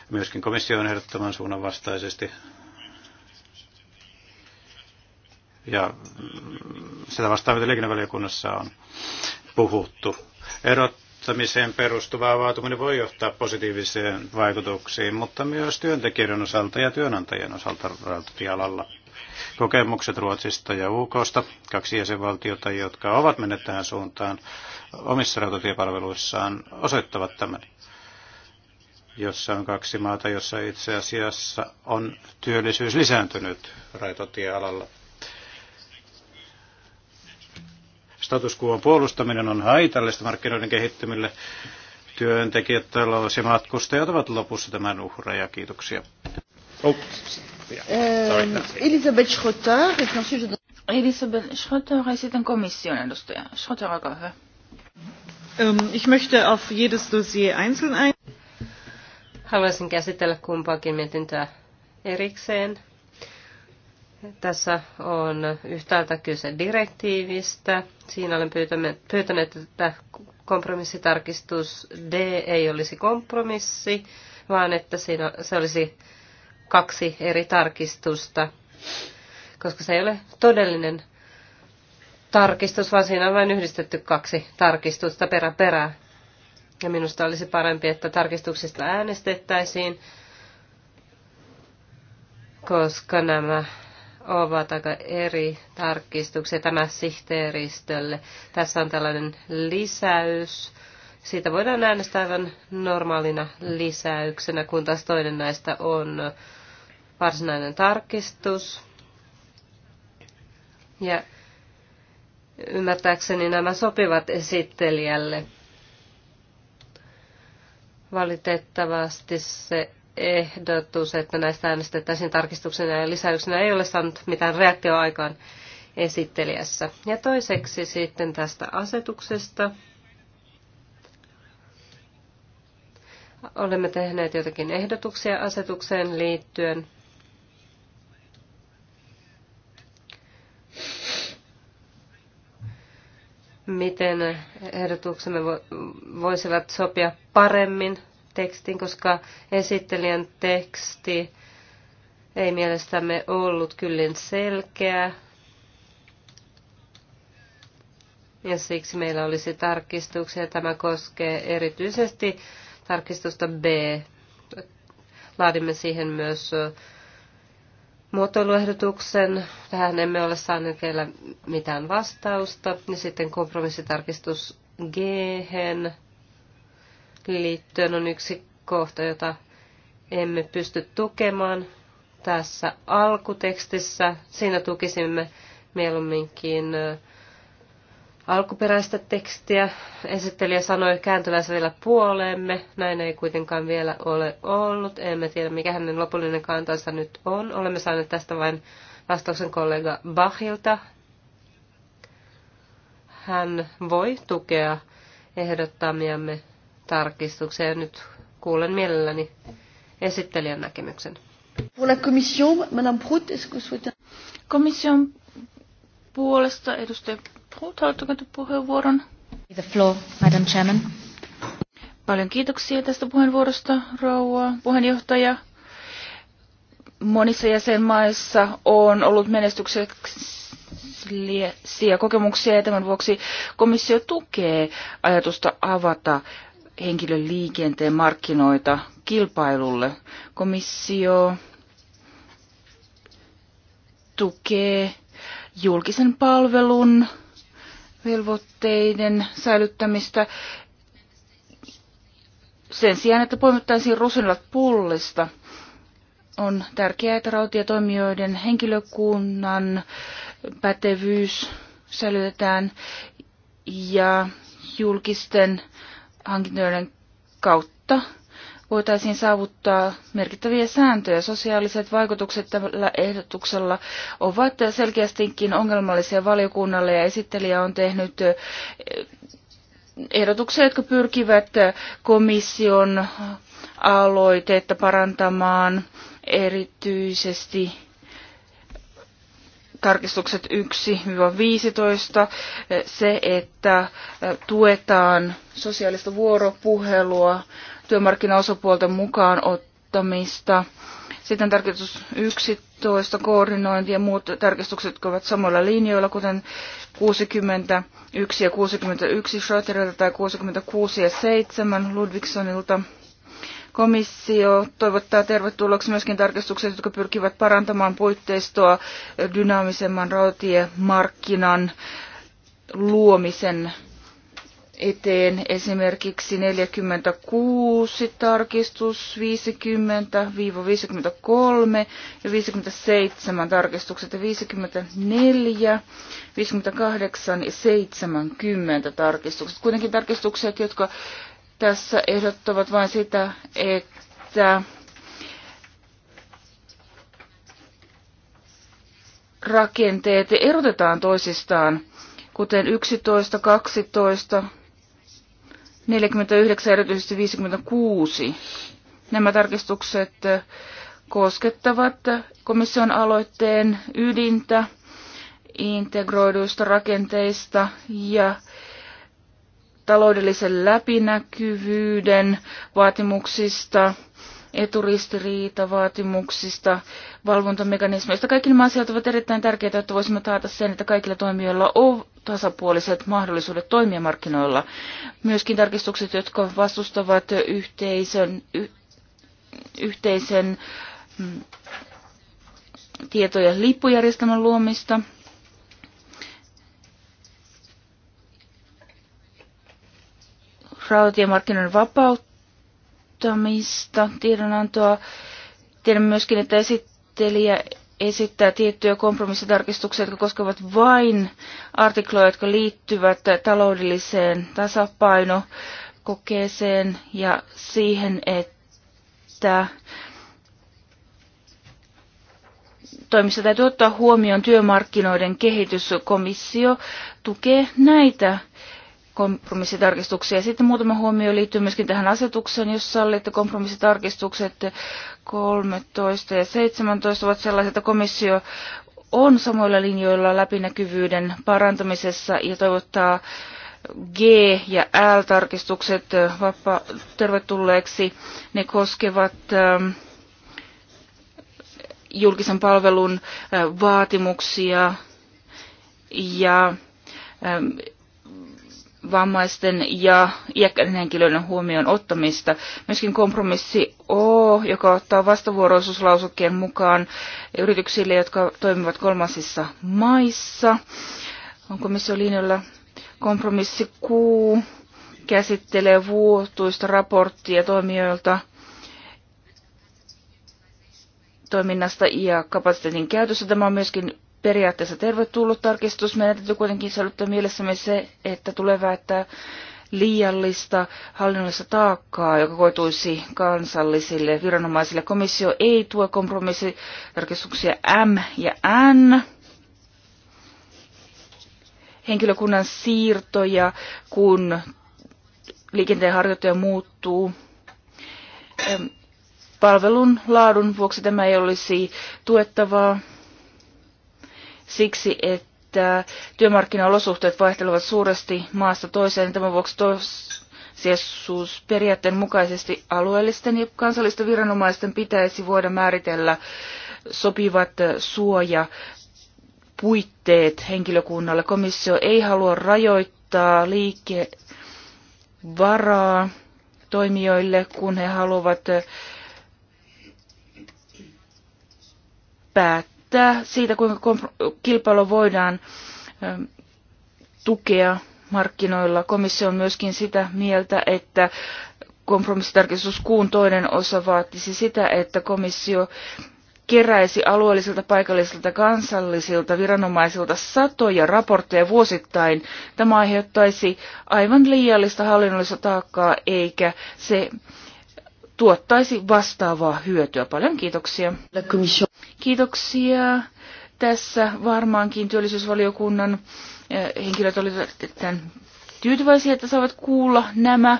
myöskin komission ehdottoman suunnan vastaisesti ja mm, sitä vastaan, mitä liikennevaliokunnassa on puhuttu. Erottamiseen perustuva avautuminen voi johtaa positiivisiin vaikutuksiin, mutta myös työntekijöiden osalta ja työnantajien osalta rautatialalla. Kokemukset Ruotsista ja UKsta, kaksi jäsenvaltiota, jotka ovat menneet tähän suuntaan omissa rautatiepalveluissaan, osoittavat tämän jossa on kaksi maata, jossa itse asiassa on työllisyys lisääntynyt raitotiealalla. status quo puolustaminen on haitallista markkinoiden kehittymille. Työntekijät, talous ja matkustajat ovat lopussa tämän uhreja. Kiitoksia. Oh, ähm, Elisabeth Schrotter, Elisabeth Schrotter ja sitten komission edustaja. Schrotter, olkaa hyvä. Ähm, ich möchte auf jedes Dossier einzeln ein. Haluaisin käsitellä kumpaakin mietintöä erikseen. Tässä on yhtäältä kyse direktiivistä. Siinä olen pyytänyt, että kompromissitarkistus D ei olisi kompromissi, vaan että siinä, se olisi kaksi eri tarkistusta, koska se ei ole todellinen tarkistus, vaan siinä on vain yhdistetty kaksi tarkistusta perä perää. Ja minusta olisi parempi, että tarkistuksista äänestettäisiin, koska nämä ovat aika eri tarkistuksia tämä sihteeristölle. Tässä on tällainen lisäys. Siitä voidaan äänestää aivan normaalina lisäyksenä, kun taas toinen näistä on varsinainen tarkistus. Ja ymmärtääkseni nämä sopivat esittelijälle. Valitettavasti se ehdotus, että näistä äänestettäisiin tarkistuksena ja lisäyksenä, ei ole saanut mitään reaktioaikaan esittelijässä. Ja toiseksi sitten tästä asetuksesta. Olemme tehneet jotakin ehdotuksia asetukseen liittyen. Miten ehdotuksemme voisivat sopia paremmin tekstin, koska esittelijän teksti ei mielestämme ollut kyllin selkeä. Ja siksi meillä olisi tarkistuksia. Tämä koskee erityisesti tarkistusta B. Laadimme siihen myös muotoiluehdotuksen. Tähän emme ole saaneet vielä mitään vastausta. Ja sitten kompromissitarkistus G. -hen liittyen on yksi kohta, jota emme pysty tukemaan tässä alkutekstissä. Siinä tukisimme mieluumminkin alkuperäistä tekstiä. Esittelijä sanoi kääntyvänsä vielä puoleemme. Näin ei kuitenkaan vielä ole ollut. Emme tiedä, mikä hänen lopullinen kantansa nyt on. Olemme saaneet tästä vain vastauksen kollega Bachilta. Hän voi tukea ehdottamiamme tarkistuksia ja nyt kuulen mielelläni esittelijän näkemyksen. Pour la commission, Madame Prout, est-ce que souhaitez... Komission puolesta edustaja Prout, haluatteko puheenvuoron? The floor, Madam Chairman. Paljon kiitoksia tästä puheenvuorosta, rouva puheenjohtaja. Monissa jäsenmaissa on ollut menestyksellisiä kokemuksia ja tämän vuoksi komissio tukee ajatusta avata henkilöliikenteen markkinoita kilpailulle. Komissio tukee julkisen palvelun velvoitteiden säilyttämistä sen sijaan, että poimittaisiin rusinat pullista. On tärkeää, että rautiatoimijoiden henkilökunnan pätevyys säilytetään ja julkisten hankintojen kautta voitaisiin saavuttaa merkittäviä sääntöjä. Sosiaaliset vaikutukset tällä ehdotuksella ovat selkeästikin ongelmallisia valiokunnalle ja esittelijä on tehnyt eh, ehdotuksia, jotka pyrkivät komission aloitetta parantamaan erityisesti tarkistukset 1-15, se, että tuetaan sosiaalista vuoropuhelua, työmarkkinaosapuolten mukaan ottamista. Sitten tarkistus 11, koordinointi ja muut tarkistukset, jotka ovat samoilla linjoilla, kuten 61 ja 61 Schroederilta tai 66 ja 7 Ludvigsonilta. Komissio toivottaa tervetulleeksi myöskin tarkistukset, jotka pyrkivät parantamaan puitteistoa dynaamisemman rautiemarkkinan luomisen eteen esimerkiksi 46 tarkistus, 50-53 ja 57 tarkistukset ja 54, 58 ja 70 tarkistukset. Kuitenkin tarkistukset, jotka tässä ehdottavat vain sitä, että rakenteet erotetaan toisistaan, kuten 11, 12, 49 ja erityisesti 56. Nämä tarkistukset koskettavat komission aloitteen ydintä, integroiduista rakenteista ja taloudellisen läpinäkyvyyden vaatimuksista, eturistiriitavaatimuksista, valvontamekanismeista. Kaikki nämä asiat ovat erittäin tärkeitä, että voisimme taata sen, että kaikilla toimijoilla on tasapuoliset mahdollisuudet toimia markkinoilla. Myöskin tarkistukset, jotka vastustavat yhteisön, y, yhteisen mm, tietojen lippujärjestelmän luomista – rautatiemarkkinoiden vapauttamista tiedonantoa. Tiedän myöskin, että esittelijä esittää tiettyjä kompromissitarkistuksia, jotka koskevat vain artikloja, jotka liittyvät taloudelliseen tasapainokokeeseen ja siihen, että toimissa täytyy ottaa huomioon työmarkkinoiden kehityskomissio tukee näitä kompromissitarkistuksia. Sitten muutama huomio liittyy myöskin tähän asetukseen, jos sallitte kompromissitarkistukset 13 ja 17 ovat sellaiset, että komissio on samoilla linjoilla läpinäkyvyyden parantamisessa ja toivottaa G- ja L-tarkistukset vapa- tervetulleeksi. Ne koskevat ähm, julkisen palvelun äh, vaatimuksia ja ähm, vammaisten ja iäkkäiden henkilöiden huomioon ottamista. Myöskin kompromissi O, joka ottaa vastavuoroisuuslausukkeen mukaan yrityksille, jotka toimivat kolmansissa maissa. On komission linjalla kompromissi Q, käsittelee vuotuista raporttia toimijoilta toiminnasta ja kapasiteetin käytössä. Tämä on myöskin periaatteessa tervetullut tarkistus. Meidän täytyy kuitenkin säilyttää mielessämme se, että tulee välttää liiallista hallinnollista taakkaa, joka koituisi kansallisille viranomaisille. Komissio ei tue kompromissitarkistuksia M ja N henkilökunnan siirtoja, kun liikenteen harjoittaja muuttuu. Palvelun laadun vuoksi tämä ei olisi tuettavaa siksi, että työmarkkinaolosuhteet vaihtelevat suuresti maasta toiseen. Tämän vuoksi toissijaisuusperiaatteen mukaisesti alueellisten ja kansallisten viranomaisten pitäisi voida määritellä sopivat suoja puitteet henkilökunnalle. Komissio ei halua rajoittaa liikevaraa toimijoille, kun he haluavat päättää päättää siitä, kuinka kilpailu voidaan tukea markkinoilla. Komissio on myöskin sitä mieltä, että kompromissitarkistus kuun toinen osa vaatisi sitä, että komissio keräisi alueellisilta, paikallisilta, kansallisilta viranomaisilta satoja raportteja vuosittain. Tämä aiheuttaisi aivan liiallista hallinnollista taakkaa, eikä se tuottaisi vastaavaa hyötyä. Paljon kiitoksia. Kiitoksia. Tässä varmaankin työllisyysvaliokunnan eh, henkilöt olivat tyytyväisiä, että saavat kuulla nämä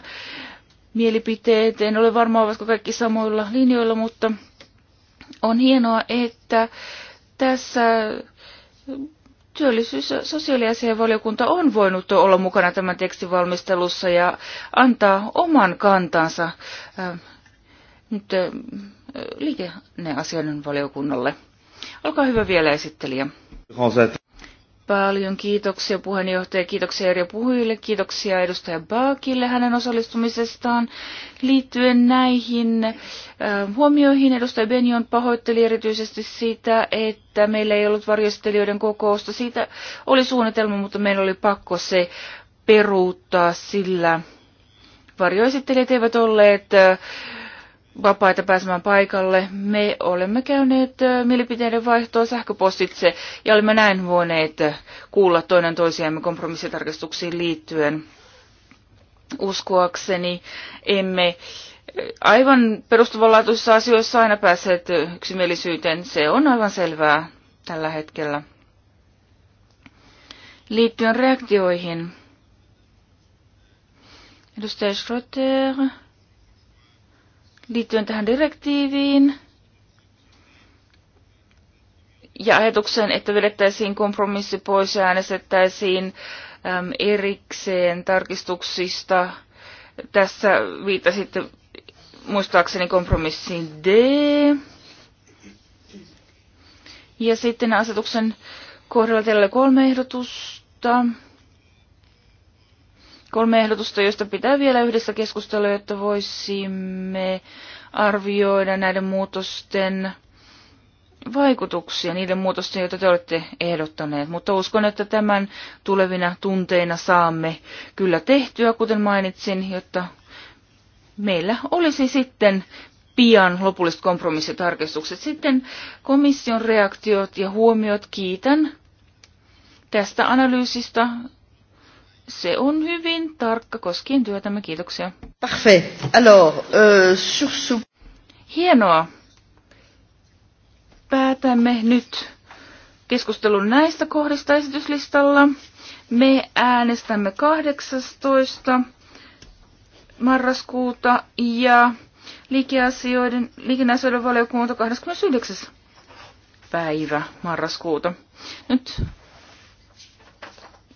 mielipiteet. En ole varma, ovatko kaikki samoilla linjoilla, mutta on hienoa, että tässä työllisyys- ja sosiaaliasianvaliokunta on voinut olla mukana tämän tekstin valmistelussa ja antaa oman kantansa eh, nyt liikenneasioiden valiokunnalle. Olkaa hyvä vielä esittelijä. Paljon kiitoksia puheenjohtaja, kiitoksia eri puhujille, kiitoksia edustaja Baakille hänen osallistumisestaan. Liittyen näihin huomioihin edustaja Benjon pahoitteli erityisesti sitä, että meillä ei ollut varjostelijoiden kokousta. Siitä oli suunnitelma, mutta meillä oli pakko se peruuttaa, sillä varjoesittelijät eivät olleet äh, vapaita pääsemään paikalle. Me olemme käyneet mielipiteiden vaihtoa sähköpostitse ja olemme näin voineet kuulla toinen toisiamme kompromissitarkastuksiin liittyen. Uskoakseni emme aivan perustuvanlaatuisissa asioissa aina päässeet yksimielisyyteen. Se on aivan selvää tällä hetkellä. Liittyen reaktioihin. Edustaja Schröter liittyen tähän direktiiviin ja ajatukseen, että vedettäisiin kompromissi pois ja äänestettäisiin äm, erikseen tarkistuksista. Tässä viittasitte muistaakseni kompromissiin D. Ja sitten asetuksen kohdalla teillä oli kolme ehdotusta kolme ehdotusta, joista pitää vielä yhdessä keskustella, jotta voisimme arvioida näiden muutosten vaikutuksia, niiden muutosten, joita te olette ehdottaneet. Mutta uskon, että tämän tulevina tunteina saamme kyllä tehtyä, kuten mainitsin, jotta meillä olisi sitten pian lopulliset kompromissitarkistukset. Sitten komission reaktiot ja huomiot kiitän tästä analyysistä se on hyvin tarkka koskien työtämme. Kiitoksia. Parfait. Alors, euh, sur ce... Hienoa. Päätämme nyt keskustelun näistä kohdista esityslistalla. Me äänestämme 18. marraskuuta ja liikeasioiden, liikenneasioiden valiokunta 29. päivä marraskuuta. Nyt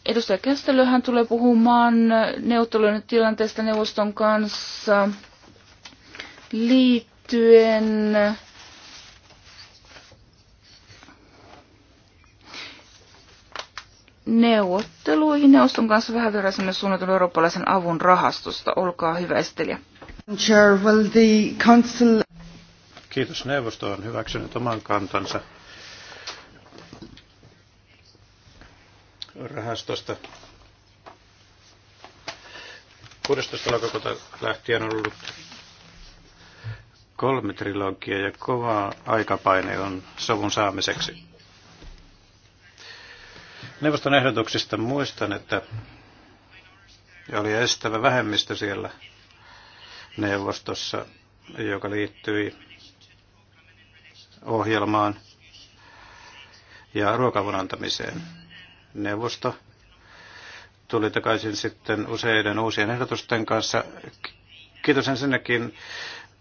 Edustaja Kästelö, hän tulee puhumaan neuvottelujen tilanteesta neuvoston kanssa liittyen neuvotteluihin neuvoston kanssa verran suunnitun eurooppalaisen avun rahastosta. Olkaa hyvä esittelijä. Kiitos. Neuvosto on hyväksynyt oman kantansa rahastosta. 16. lokakuuta lähtien on ollut kolme trilogia ja kova aikapaine on sovun saamiseksi. Neuvoston ehdotuksista muistan, että oli estävä vähemmistö siellä neuvostossa, joka liittyi ohjelmaan ja ruokavun antamiseen neuvosto tuli takaisin sitten useiden uusien ehdotusten kanssa. Kiitos ensinnäkin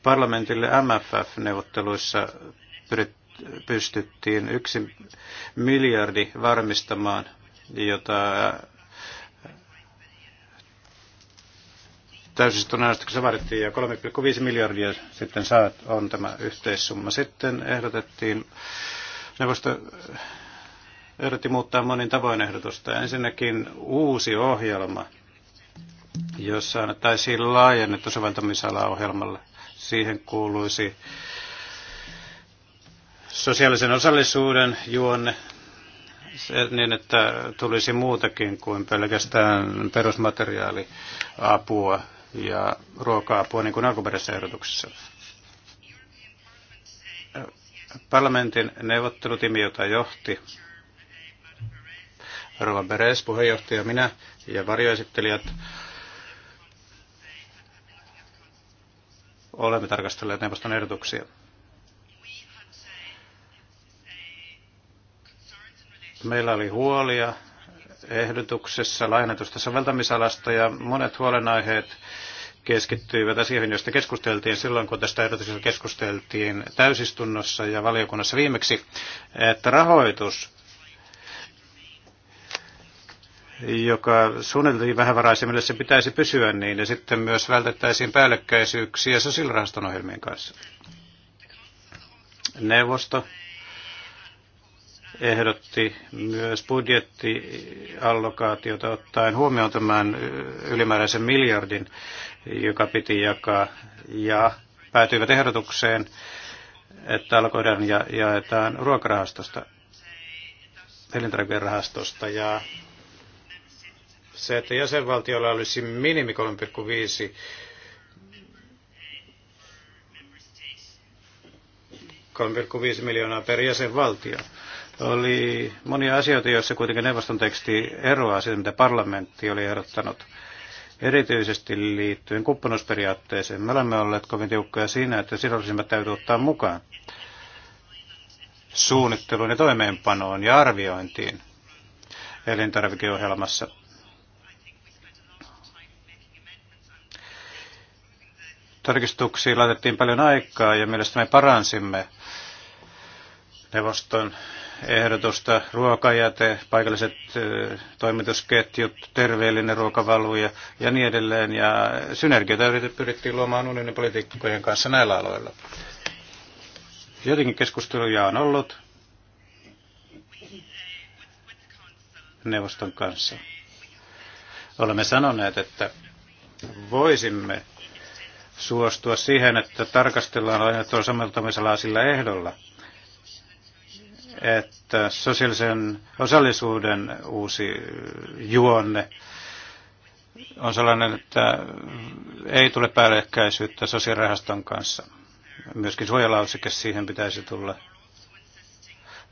parlamentille MFF-neuvotteluissa pystyttiin yksi miljardi varmistamaan, jota täysistun äänestyksessä vaadittiin, ja 3,5 miljardia sitten saat on tämä yhteissumma. Sitten ehdotettiin neuvosto ehdotti muuttaa monin tavoin ehdotusta. Ensinnäkin uusi ohjelma, jossa annettaisiin laajennettu soveltamisala ohjelmalle. Siihen kuuluisi sosiaalisen osallisuuden juonne niin, että tulisi muutakin kuin pelkästään perusmateriaaliapua ja ruoka-apua niin kuin alkuperäisessä ehdotuksessa. Parlamentin neuvottelutimi, jota johti Rova Beres, puheenjohtaja, minä ja varjoesittelijät olemme tarkastelleet neuvoston ehdotuksia. Meillä oli huolia ehdotuksessa lainatusta soveltamisalasta ja monet huolenaiheet keskittyivät asioihin, joista keskusteltiin silloin, kun tästä ehdotuksesta keskusteltiin täysistunnossa ja valiokunnassa viimeksi, että rahoitus joka suunniteltiin vähävaraisemmille, se pitäisi pysyä niin, ja sitten myös vältettäisiin päällekkäisyyksiä sosiaalirahaston ohjelmien kanssa. Neuvosto ehdotti myös budjettiallokaatiota ottaen huomioon tämän ylimääräisen miljardin, joka piti jakaa, ja päätyivät ehdotukseen, että alkoidaan ja jaetaan ruokarahastosta, elintarvikerahastosta, ja se, että jäsenvaltiolla olisi minimi 3,5 3,5 miljoonaa per jäsenvaltio. Oli monia asioita, joissa kuitenkin neuvoston teksti eroaa siitä, mitä parlamentti oli ehdottanut erityisesti liittyen kumppanuusperiaatteeseen. Me olemme olleet kovin tiukkoja siinä, että sidollisimmat täytyy ottaa mukaan suunnitteluun ja toimeenpanoon ja arviointiin elintarvikeohjelmassa. tarkistuksiin laitettiin paljon aikaa ja mielestäni me paransimme neuvoston ehdotusta, ruokajäte, paikalliset toimitusketjut, terveellinen ruokavalu ja, ja niin edelleen. Ja synergioita pyrittiin luomaan unionin politiikkojen kanssa näillä aloilla. Jotenkin keskusteluja on ollut neuvoston kanssa. Olemme sanoneet, että voisimme suostua siihen, että tarkastellaan lainattua sillä ehdolla, että sosiaalisen osallisuuden uusi juonne on sellainen, että ei tule päällekkäisyyttä sosiaalirahaston kanssa. Myöskin suojalauseke siihen pitäisi tulla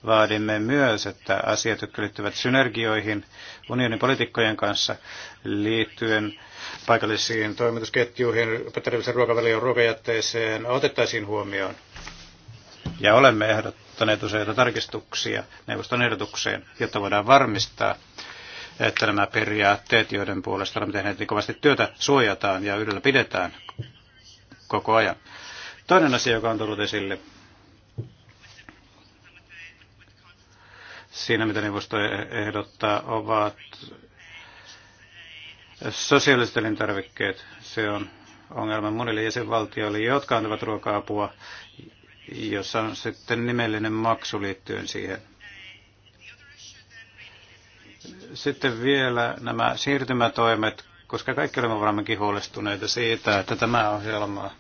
Vaadimme myös, että asiat, jotka liittyvät synergioihin unionin poliitikkojen kanssa liittyen paikallisiin toimitusketjuihin, pätevisen ruokaväliön ruokajätteeseen, otettaisiin huomioon. Ja olemme ehdottaneet useita tarkistuksia neuvoston ehdotukseen, jotta voidaan varmistaa, että nämä periaatteet, joiden puolesta olemme tehneet niin kovasti työtä, suojataan ja ylläpidetään koko ajan. Toinen asia, joka on tullut esille, siinä, mitä neuvosto e- ehdottaa, ovat sosiaaliset elintarvikkeet. Se on ongelma monille jäsenvaltioille, jotka antavat ruoka-apua, jossa on sitten nimellinen maksu liittyen siihen. Sitten vielä nämä siirtymätoimet, koska kaikki olemme varmaankin huolestuneita siitä, että tämä ohjelma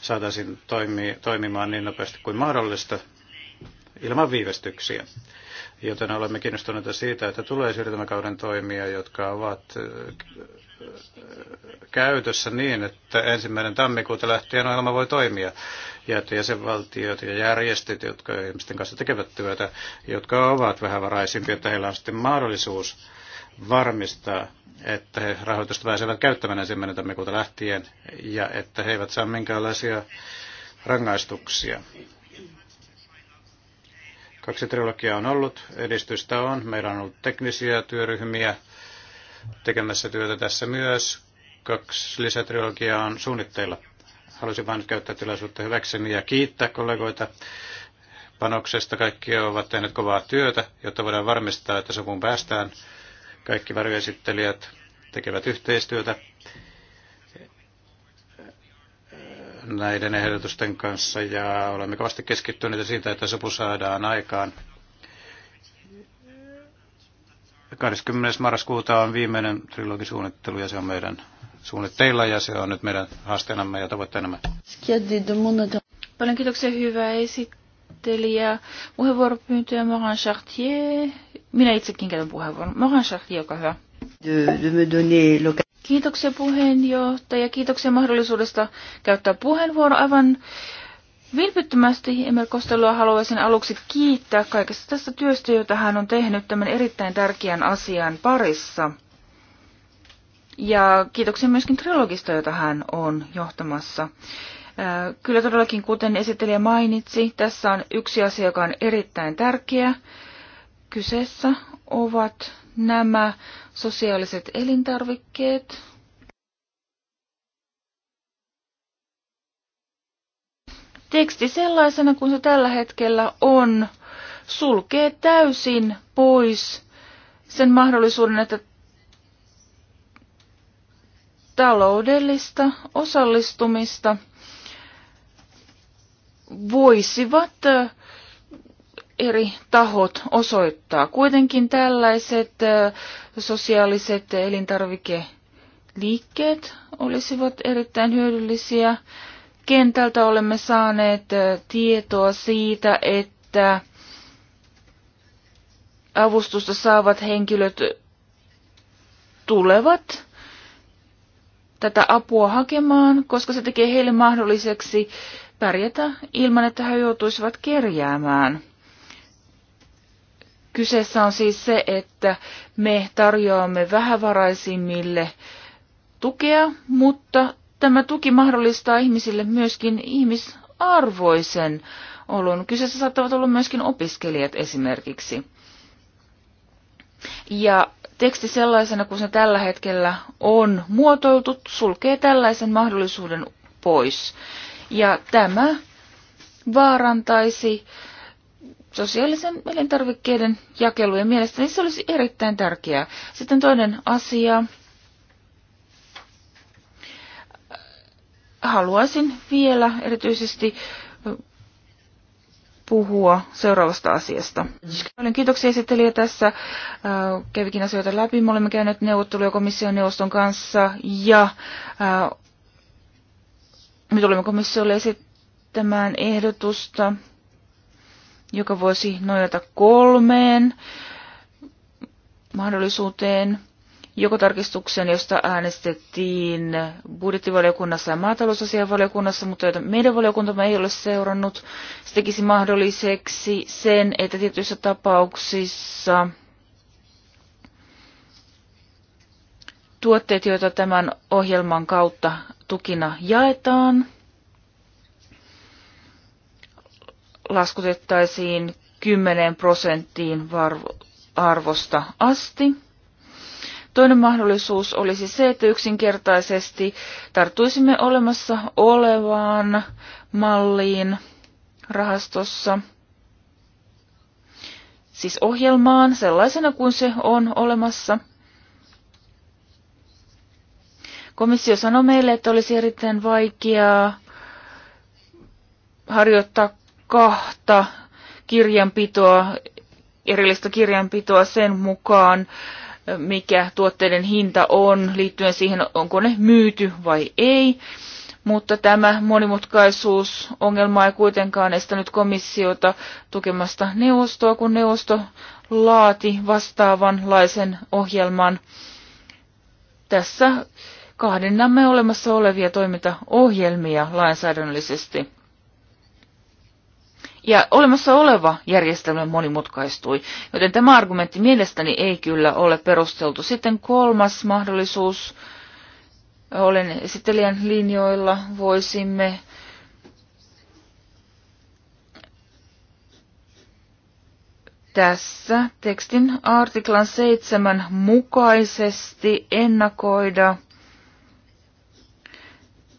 saataisiin toimii, toimimaan niin nopeasti kuin mahdollista ilman viivästyksiä joten olemme kiinnostuneita siitä, että tulee siirtymäkauden toimia, jotka ovat käytössä niin, että ensimmäinen tammikuuta lähtien ohjelma voi toimia. Ja että jäsenvaltiot ja järjestöt, jotka ihmisten kanssa tekevät työtä, jotka ovat vähävaraisimpia, että heillä on sitten mahdollisuus varmistaa, että he rahoitusta pääsevät käyttämään ensimmäinen tammikuuta lähtien ja että he eivät saa minkäänlaisia rangaistuksia. Kaksi trilogiaa on ollut, edistystä on. Meillä on ollut teknisiä työryhmiä tekemässä työtä tässä myös. Kaksi lisätrilogiaa on suunnitteilla. Haluaisin vain käyttää tilaisuutta hyväkseni ja kiittää kollegoita panoksesta. Kaikki ovat tehneet kovaa työtä, jotta voidaan varmistaa, että sopuun päästään. Kaikki varjoesittelijät tekevät yhteistyötä näiden ehdotusten kanssa ja olemme kovasti keskittyneitä siitä, että sopu saadaan aikaan. 20. marraskuuta on viimeinen trilogisuunnittelu ja se on meidän suunnitteilla ja se on nyt meidän haasteenamme ja tavoitteenamme. Paljon kiitoksia, hyvä esittelijä. Puheenvuoropyyntöjä Morin Chartier. Minä itsekin käytän puheenvuoron. Morin Chartier, joka hyvä. De, de me donner Kiitoksia puheenjohtaja. Kiitoksia mahdollisuudesta käyttää puheenvuoro. Aivan vilpittömästi Emel Kostelua haluaisin aluksi kiittää kaikesta tästä työstä, jota hän on tehnyt tämän erittäin tärkeän asian parissa. Ja kiitoksia myöskin trilogista, jota hän on johtamassa. Kyllä todellakin, kuten esittelijä mainitsi, tässä on yksi asia, joka on erittäin tärkeä. Kyseessä ovat nämä sosiaaliset elintarvikkeet. Teksti sellaisena kuin se tällä hetkellä on sulkee täysin pois sen mahdollisuuden, että taloudellista osallistumista voisivat eri tahot osoittaa. Kuitenkin tällaiset sosiaaliset elintarvikeliikkeet olisivat erittäin hyödyllisiä. Kentältä olemme saaneet tietoa siitä, että avustusta saavat henkilöt tulevat tätä apua hakemaan, koska se tekee heille mahdolliseksi pärjätä ilman, että he joutuisivat kerjäämään – Kyseessä on siis se, että me tarjoamme vähävaraisimmille tukea, mutta tämä tuki mahdollistaa ihmisille myöskin ihmisarvoisen olon. Kyseessä saattavat olla myöskin opiskelijat esimerkiksi. Ja teksti sellaisena kuin se tällä hetkellä on muotoiltu, sulkee tällaisen mahdollisuuden pois. Ja tämä vaarantaisi äh, sosiaalisen elintarvikkeiden jakelu ja mielestäni niin se olisi erittäin tärkeää. Sitten toinen asia. Haluaisin vielä erityisesti puhua seuraavasta asiasta. Paljon kiitoksia esittelijä tässä. Kävikin asioita läpi. Me olemme käyneet neuvotteluja komission neuvoston kanssa ja me tulemme komissiolle esittämään ehdotusta joka voisi nojata kolmeen mahdollisuuteen, joko tarkistuksen, josta äänestettiin budjettivaliokunnassa ja maatalousasianvaliokunnassa, mutta joita meidän valiokuntamme ei ole seurannut. Se tekisi mahdolliseksi sen, että tietyissä tapauksissa tuotteet, joita tämän ohjelman kautta tukina jaetaan, laskutettaisiin 10 prosenttiin arvosta asti. Toinen mahdollisuus olisi se, että yksinkertaisesti tarttuisimme olemassa olevaan malliin rahastossa, siis ohjelmaan sellaisena kuin se on olemassa. Komissio sanoi meille, että olisi erittäin vaikeaa harjoittaa kahta kirjanpitoa, erillistä kirjanpitoa sen mukaan, mikä tuotteiden hinta on liittyen siihen, onko ne myyty vai ei. Mutta tämä monimutkaisuusongelma ei kuitenkaan estänyt komissiota tukemasta neuvostoa, kun neuvosto laati vastaavanlaisen ohjelman. Tässä kahdennamme olemassa olevia toimintaohjelmia lainsäädännöllisesti ja olemassa oleva järjestelmä monimutkaistui, joten tämä argumentti mielestäni ei kyllä ole perusteltu. Sitten kolmas mahdollisuus, olen esittelijän linjoilla, voisimme tässä tekstin artiklan seitsemän mukaisesti ennakoida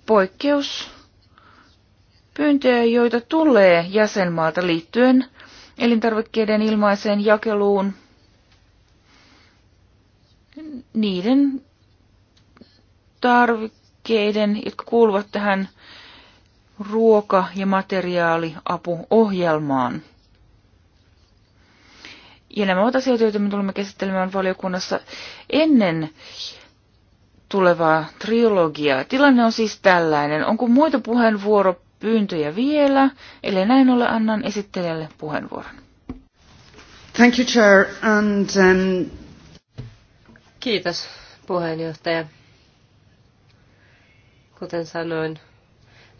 poikkeus pyyntöjä, joita tulee jäsenmaalta liittyen elintarvikkeiden ilmaiseen jakeluun, niiden tarvikkeiden, jotka kuuluvat tähän ruoka- ja materiaaliapuohjelmaan. Ja nämä ovat asioita, joita me tulemme käsittelemään valiokunnassa ennen tulevaa trilogiaa. Tilanne on siis tällainen. Onko muita puheenvuoro pyyntöjä vielä. Eli näin ollen annan esittelijälle puheenvuoron. Thank you, Chair. And, um... Kiitos, puheenjohtaja. Kuten sanoin,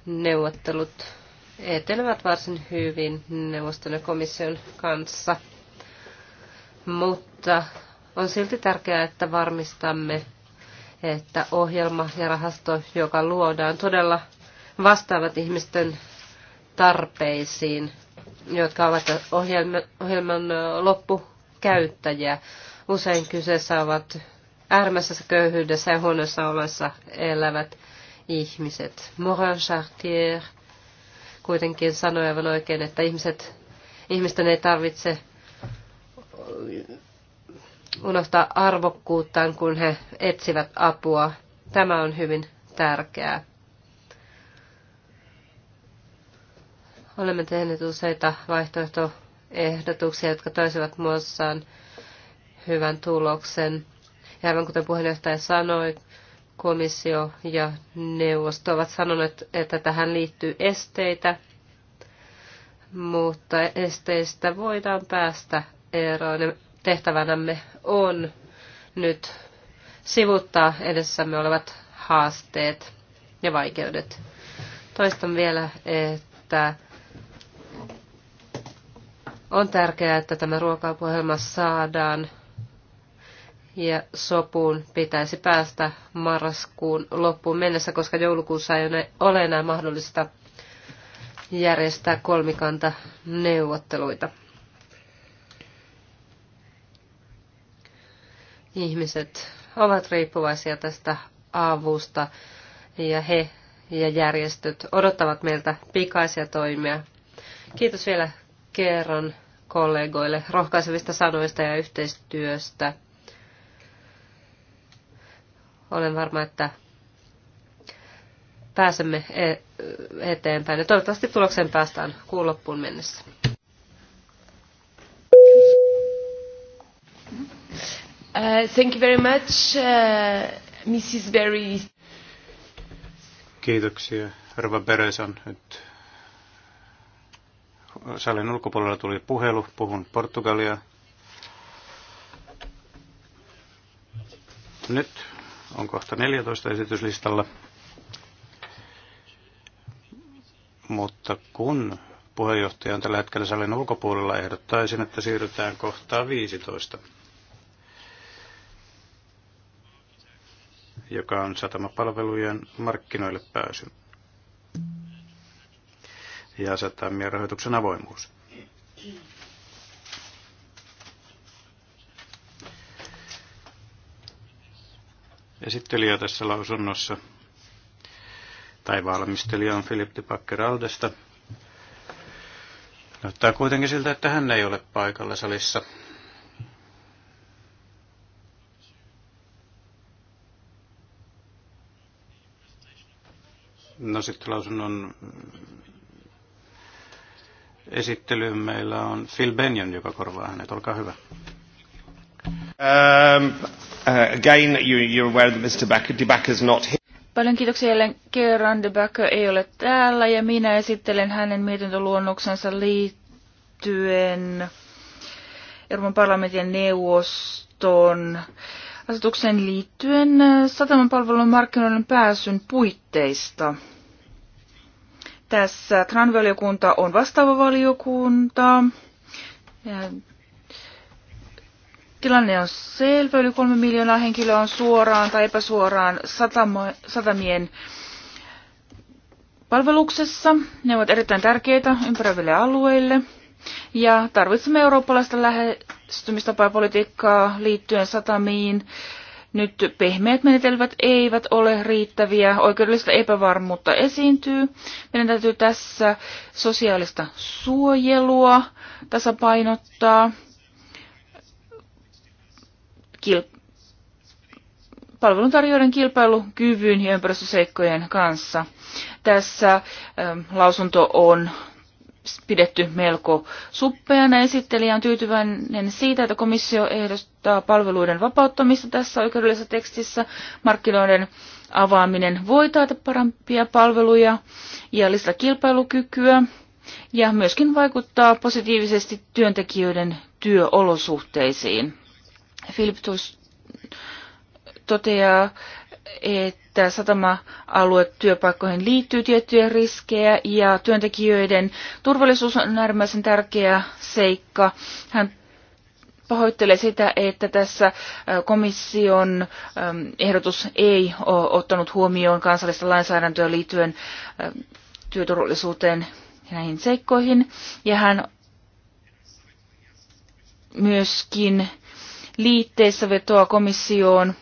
neuvottelut etenevät varsin hyvin neuvoston ja komission kanssa, mutta on silti tärkeää, että varmistamme, että ohjelma ja rahasto, joka luodaan, todella vastaavat ihmisten tarpeisiin, jotka ovat ohjelman loppukäyttäjiä. Usein kyseessä ovat äärimmäisessä köyhyydessä ja huonoissa oloissa elävät ihmiset. Morin Chartier kuitenkin sanoi aivan oikein, että ihmiset, ihmisten ei tarvitse unohtaa arvokkuuttaan, kun he etsivät apua. Tämä on hyvin tärkeää. Olemme tehneet useita vaihtoehtoehdotuksia, jotka toisivat muossaan hyvän tuloksen. Ja aivan kuten puheenjohtaja sanoi, komissio ja neuvosto ovat sanoneet, että tähän liittyy esteitä, mutta esteistä voidaan päästä eroon. Tehtävänämme on nyt sivuttaa edessämme olevat haasteet ja vaikeudet. Toistan vielä, että on tärkeää, että tämä ruokapuhelma saadaan ja sopuun pitäisi päästä marraskuun loppuun mennessä, koska joulukuussa ei ole enää mahdollista järjestää kolmikanta neuvotteluita. Ihmiset ovat riippuvaisia tästä avusta ja he ja järjestöt odottavat meiltä pikaisia toimia. Kiitos vielä kerran kollegoille rohkaisevista sanoista ja yhteistyöstä. Olen varma, että pääsemme e- eteenpäin ja toivottavasti tulokseen päästään kuun loppuun mennessä. Uh, thank you very much, uh, Mrs. Berry. Kiitoksia. Rova Beres on nyt salin ulkopuolella tuli puhelu, puhun Portugalia. Nyt on kohta 14 esityslistalla. Mutta kun puheenjohtaja on tällä hetkellä salin ulkopuolella, ehdottaisin, että siirrytään kohtaan 15, joka on satamapalvelujen markkinoille pääsy ja satamien rahoituksen avoimuus. Esittelijä tässä lausunnossa tai valmistelija on Philip de Packer Aldesta. Näyttää kuitenkin siltä, että hän ei ole paikalla salissa. No sitten lausunnon esittelyyn meillä on Phil Benyon, joka korvaa hänet. Olkaa hyvä. Um, uh, again, you, you're aware that Mr. Becker, De Becker is not here. Paljon kiitoksia jälleen kerran. De Becker ei ole täällä ja minä esittelen hänen mietintöluonnoksensa liittyen Euroopan parlamentin neuvoston asetukseen liittyen sataman palvelun markkinoiden pääsyn puitteista – tässä transvaliokunta on vastaava valiokunta. Tilanne on selvä. Yli kolme miljoonaa henkilöä on suoraan tai epäsuoraan satamien palveluksessa. Ne ovat erittäin tärkeitä ympäröiville alueille. Ja tarvitsemme eurooppalaista lähestymistapaa politiikkaa liittyen satamiin nyt pehmeät menetelmät eivät ole riittäviä, oikeudellista epävarmuutta esiintyy. Meidän täytyy tässä sosiaalista suojelua tasapainottaa. Kil- palveluntarjoajien kilpailukyvyn ja ympäristöseikkojen kanssa. Tässä ähm, lausunto on pidetty melko suppeana. Esittelijä on tyytyväinen siitä, että komissio ehdottaa palveluiden vapauttamista tässä oikeudellisessa tekstissä. Markkinoiden avaaminen voi taata parempia palveluja ja lisätä kilpailukykyä ja myöskin vaikuttaa positiivisesti työntekijöiden työolosuhteisiin. Philip toteaa, että että satama-alue työpaikkoihin liittyy tiettyjä riskejä ja työntekijöiden turvallisuus on äärimmäisen tärkeä seikka. Hän pahoittelee sitä, että tässä komission ehdotus ei ole ottanut huomioon kansallista lainsäädäntöä liittyen työturvallisuuteen ja näihin seikkoihin. Ja hän myöskin liitteissä vetoaa komissioon –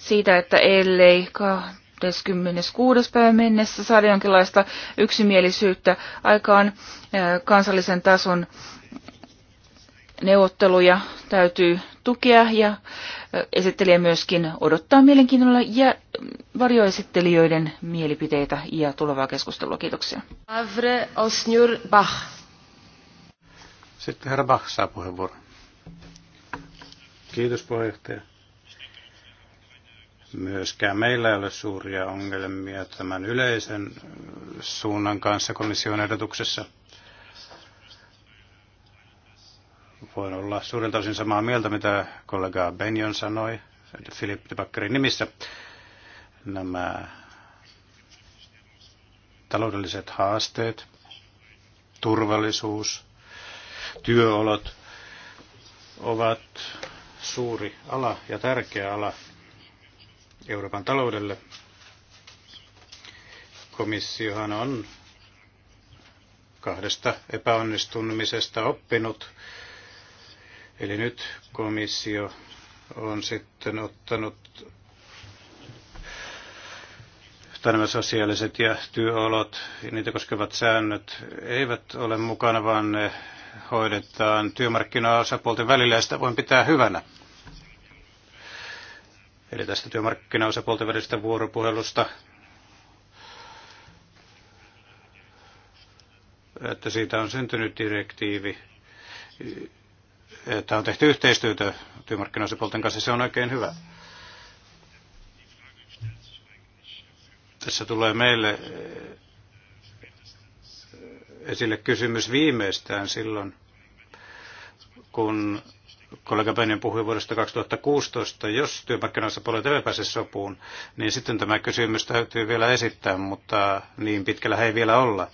siitä, että ellei 26. päivä mennessä saada jonkinlaista yksimielisyyttä aikaan kansallisen tason neuvotteluja täytyy tukea ja esittelijä myöskin odottaa mielenkiinnolla ja varjoesittelijöiden mielipiteitä ja tulevaa keskustelua. Kiitoksia. Sitten herra Bach saa puheenvuoron. Kiitos puheenjohtaja. Myöskään meillä ei ole suuria ongelmia tämän yleisen suunnan kanssa komission ehdotuksessa. Voin olla suurelta osin samaa mieltä, mitä kollega Benjon sanoi Philip de Backerin nimissä. Nämä taloudelliset haasteet, turvallisuus, työolot ovat suuri ala ja tärkeä ala Euroopan taloudelle. Komissiohan on kahdesta epäonnistumisesta oppinut. Eli nyt komissio on sitten ottanut nämä sosiaaliset ja työolot ja niitä koskevat säännöt eivät ole mukana, vaan ne hoidetaan työmarkkinaosapuolten välillä ja sitä voin pitää hyvänä eli tästä työmarkkinaosapuolten välisestä vuoropuhelusta, että siitä on syntynyt direktiivi, että on tehty yhteistyötä työmarkkinaosapuolten kanssa, se on oikein hyvä. Tässä tulee meille esille kysymys viimeistään silloin, kun kollega Bennin puhui vuodesta 2016, jos työmarkkinoissa puolet eivät pääse sopuun, niin sitten tämä kysymys täytyy vielä esittää, mutta niin pitkällä he ei vielä olla.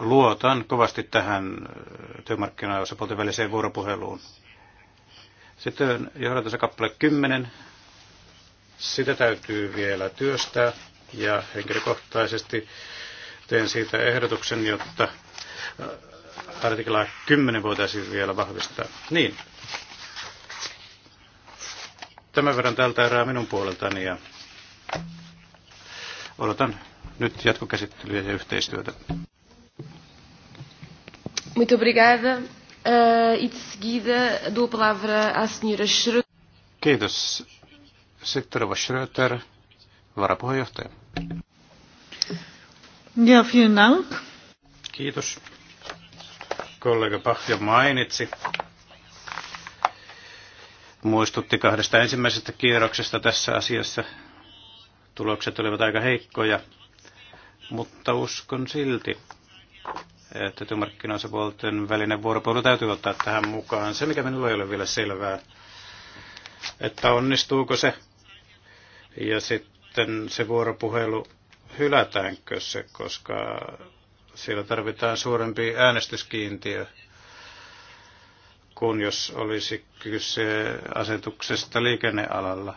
Luotan kovasti tähän työmarkkinaosapuolten väliseen vuoropuheluun. Sitten johdatus kappale 10. Sitä täytyy vielä työstää ja henkilökohtaisesti teen siitä ehdotuksen, jotta artiklaa 10 voitaisiin vielä vahvistaa. Niin. Tämän verran tältä erää minun puoleltani ja odotan nyt jatkokäsittelyä ja yhteistyötä. Muito obrigada. Uh, e de seguida dou a palavra à senhora Schröter. Kiitos. Sitten Rova Schröter, varapuheenjohtaja. Ja, vielen Dank. Kiitos kollega Bach jo mainitsi, muistutti kahdesta ensimmäisestä kierroksesta tässä asiassa. Tulokset olivat aika heikkoja, mutta uskon silti, että työmarkkinaosapuolten välinen vuoropuhelu täytyy ottaa tähän mukaan. Se, mikä minulla ei ole vielä selvää, että onnistuuko se ja sitten se vuoropuhelu hylätäänkö se, koska siellä tarvitaan suurempi äänestyskiintiö kuin jos olisi kyse asetuksesta liikennealalla.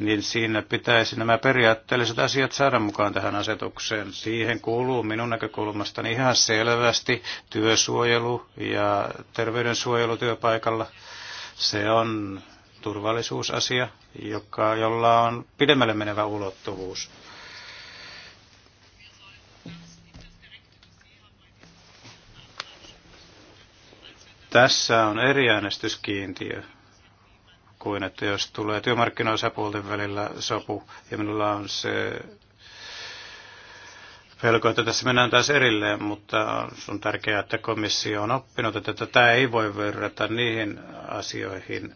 Niin siinä pitäisi nämä periaatteelliset asiat saada mukaan tähän asetukseen. Siihen kuuluu minun näkökulmastani ihan selvästi työsuojelu ja terveydensuojelu työpaikalla. Se on turvallisuusasia, joka, jolla on pidemmälle menevä ulottuvuus. Tässä on eri äänestyskiintiö kuin että jos tulee työmarkkinaosapuolten välillä sopu ja minulla on se pelko, että tässä mennään taas erilleen, mutta on tärkeää, että komissio on oppinut, että tätä ei voi verrata niihin asioihin,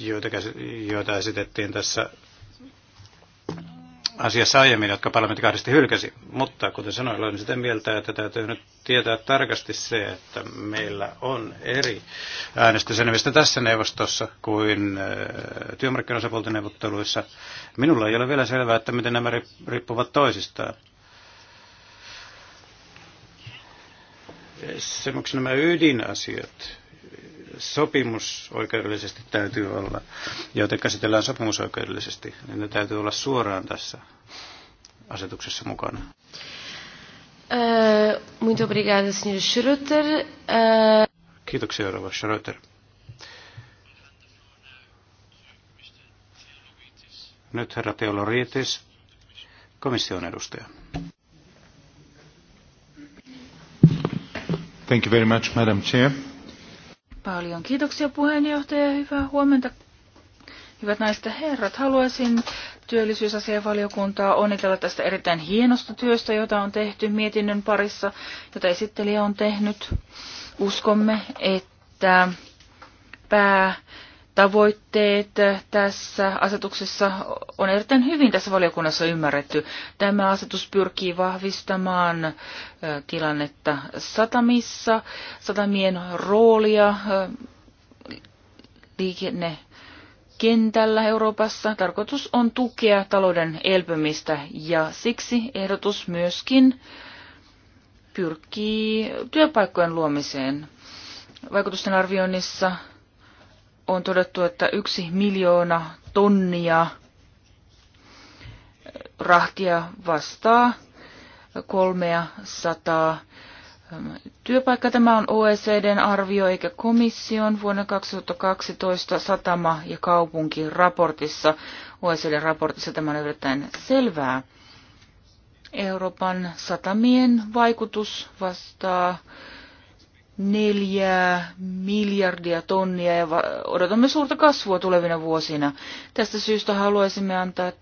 joita, joita esitettiin tässä asiassa aiemmin, jotka parlamentti kahdesti hylkäsi. Mutta kuten sanoin, olen sitä mieltä, että täytyy nyt tietää tarkasti se, että meillä on eri äänestysenemmistö tässä neuvostossa kuin äh, työmarkkinosapuolten neuvotteluissa. Minulla ei ole vielä selvää, että miten nämä riippuvat toisistaan. Semmoksi nämä ydinasiat sopimus oikeudellisesti täytyy olla, joita käsitellään sopimusoikeudellisesti, niin ne täytyy olla suoraan tässä asetuksessa mukana. Uh, muito obrigada, Schroeter. Uh... Kiitoksia, Eurova Schroeter. Nyt herra Teoloriitis, komission edustaja. Thank you very much, Madam Chair. Paljon kiitoksia puheenjohtaja. Hyvää huomenta. Hyvät naiset ja herrat, haluaisin työllisyysasianvaliokuntaa onnitella tästä erittäin hienosta työstä, jota on tehty mietinnön parissa, jota esittelijä on tehnyt. Uskomme, että pää tavoitteet tässä asetuksessa on erittäin hyvin tässä valiokunnassa ymmärretty. Tämä asetus pyrkii vahvistamaan tilannetta satamissa, satamien roolia liikennekentällä Euroopassa. Tarkoitus on tukea talouden elpymistä ja siksi ehdotus myöskin pyrkii työpaikkojen luomiseen. Vaikutusten arvioinnissa on todettu, että yksi miljoona tonnia rahtia vastaa 300 työpaikkaa. Tämä on OECDn arvio eikä komission vuonna 2012 satama- ja kaupunkiraportissa. raportissa. OECDn raportissa tämä on erittäin selvää. Euroopan satamien vaikutus vastaa Neljä miljardia tonnia ja odotamme suurta kasvua tulevina vuosina. Tästä syystä haluaisimme antaa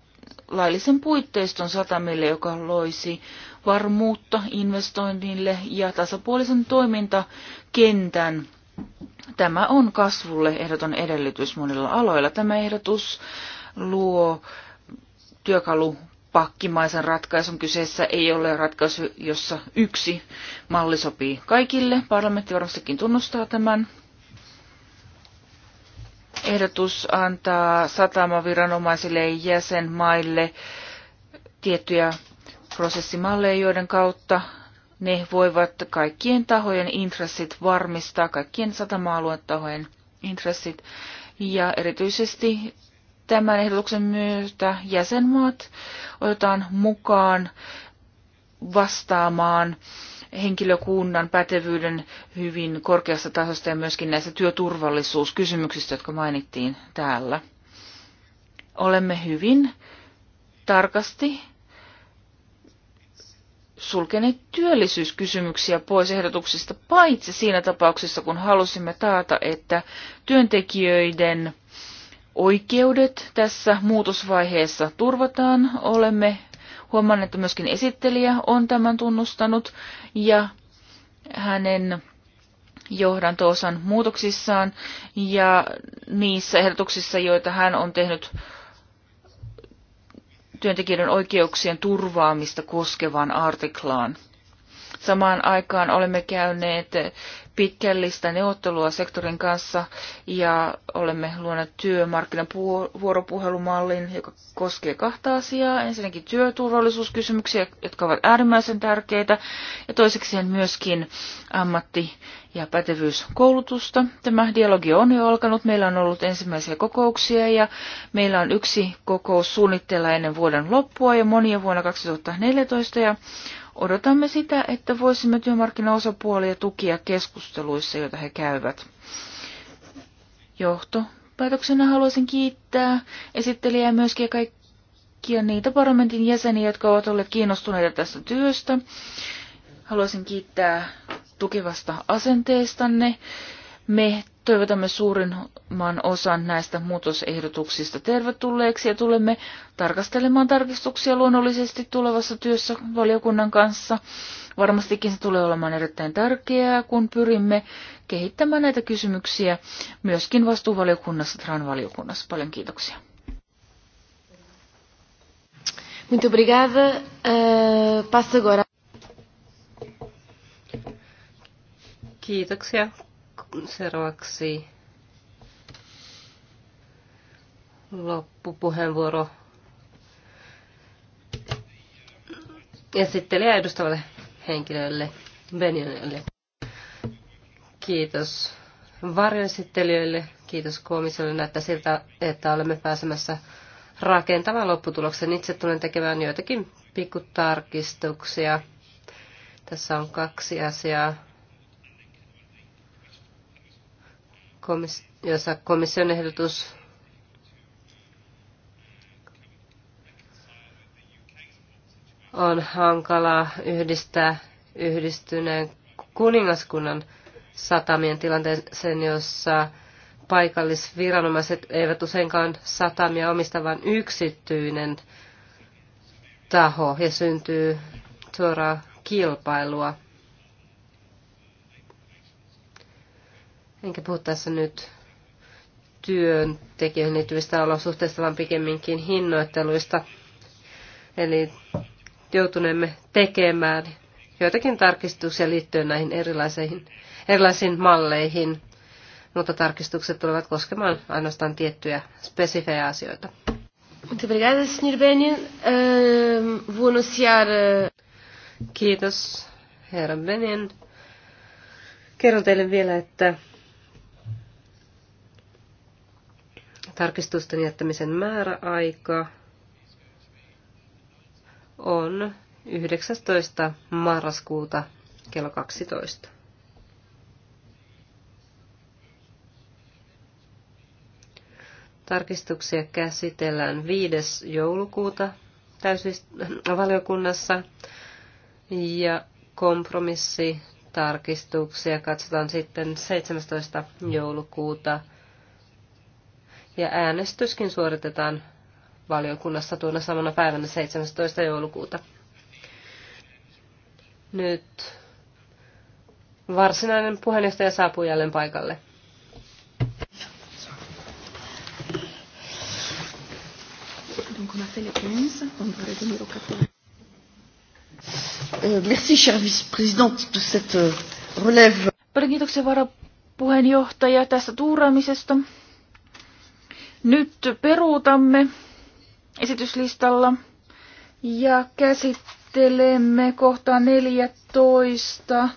laillisen puitteiston satamille, joka loisi varmuutta investoinnille ja tasapuolisen toimintakentän. Tämä on kasvulle ehdoton edellytys monilla aloilla. Tämä ehdotus luo työkalu pakkimaisen ratkaisun kyseessä ei ole ratkaisu, jossa yksi malli sopii kaikille. Parlamentti varmastikin tunnustaa tämän. Ehdotus antaa satamaviranomaisille ja jäsenmaille tiettyjä prosessimalleja, joiden kautta ne voivat kaikkien tahojen intressit varmistaa, kaikkien satama tahojen intressit. Ja erityisesti Tämän ehdotuksen myötä jäsenmaat otetaan mukaan vastaamaan henkilökunnan pätevyyden hyvin korkeasta tasosta ja myöskin näistä työturvallisuuskysymyksistä, jotka mainittiin täällä. Olemme hyvin tarkasti sulkeneet työllisyyskysymyksiä pois ehdotuksista, paitsi siinä tapauksessa, kun halusimme taata, että työntekijöiden oikeudet tässä muutosvaiheessa turvataan. Olemme huomanneet, että myöskin esittelijä on tämän tunnustanut ja hänen johdantoosan muutoksissaan ja niissä ehdotuksissa, joita hän on tehnyt työntekijöiden oikeuksien turvaamista koskevaan artiklaan. Samaan aikaan olemme käyneet pitkällistä neuvottelua sektorin kanssa ja olemme luoneet työmarkkinan vuoropuhelumallin, joka koskee kahta asiaa. Ensinnäkin työturvallisuuskysymyksiä, jotka ovat äärimmäisen tärkeitä, ja toisekseen myöskin ammatti- ja pätevyyskoulutusta. Tämä dialogi on jo alkanut. Meillä on ollut ensimmäisiä kokouksia ja meillä on yksi kokous suunnitteilla ennen vuoden loppua ja monia vuonna 2014 ja Odotamme sitä, että voisimme työmarkkinaosapuolia tukia keskusteluissa, joita he käyvät. Johto. Päätöksenä haluaisin kiittää esittelijää myöskin kaikkia niitä parlamentin jäseniä, jotka ovat olleet kiinnostuneita tästä työstä. Haluaisin kiittää tukevasta asenteestanne. Me toivotamme suurimman osan näistä muutosehdotuksista tervetulleeksi ja tulemme tarkastelemaan tarkistuksia luonnollisesti tulevassa työssä valiokunnan kanssa. Varmastikin se tulee olemaan erittäin tärkeää, kun pyrimme kehittämään näitä kysymyksiä myöskin vastuuvaliokunnassa, TRAN-valiokunnassa. Paljon kiitoksia. Muito obrigada. Uh, passo agora. Kiitoksia. Seuraavaksi loppupuheenvuoro esittelijä edustavalle henkilölle, Benjonelle. Kiitos varjoesittelijöille, kiitos komissiolle. Näyttää siltä, että olemme pääsemässä rakentavan lopputuloksen. Itse tulen tekemään joitakin pikkutarkistuksia. Tässä on kaksi asiaa jossa komission ehdotus on hankalaa yhdistää yhdistyneen kuningaskunnan satamien tilanteeseen, jossa paikallisviranomaiset eivät useinkaan satamia omista, vaan yksityinen taho ja syntyy suoraa kilpailua. Enkä puhu tässä nyt työntekijöihin liittyvistä olosuhteista, vaan pikemminkin hinnoitteluista. Eli joutuneemme tekemään joitakin tarkistuksia liittyen näihin erilaisiin, erilaisiin malleihin, mutta tarkistukset tulevat koskemaan ainoastaan tiettyjä spesifejä asioita. Benin. Ehm, eh, Kiitos, herra Benin. Kerron teille vielä, että Tarkistusten jättämisen määräaika on 19. marraskuuta kello 12. Tarkistuksia käsitellään 5. joulukuuta valiokunnassa ja kompromissi tarkistuksia katsotaan sitten 17. joulukuuta – ja äänestyskin suoritetaan valiokunnassa tuona samana päivänä 17. joulukuuta. Nyt varsinainen puheenjohtaja saapuu jälleen paikalle. Euh, merci, chère vice-présidente, de cette euh, relève. kiitoksia varapuheenjohtaja tästä tuuraamisesta. Nyt peruutamme esityslistalla ja käsittelemme kohtaa 14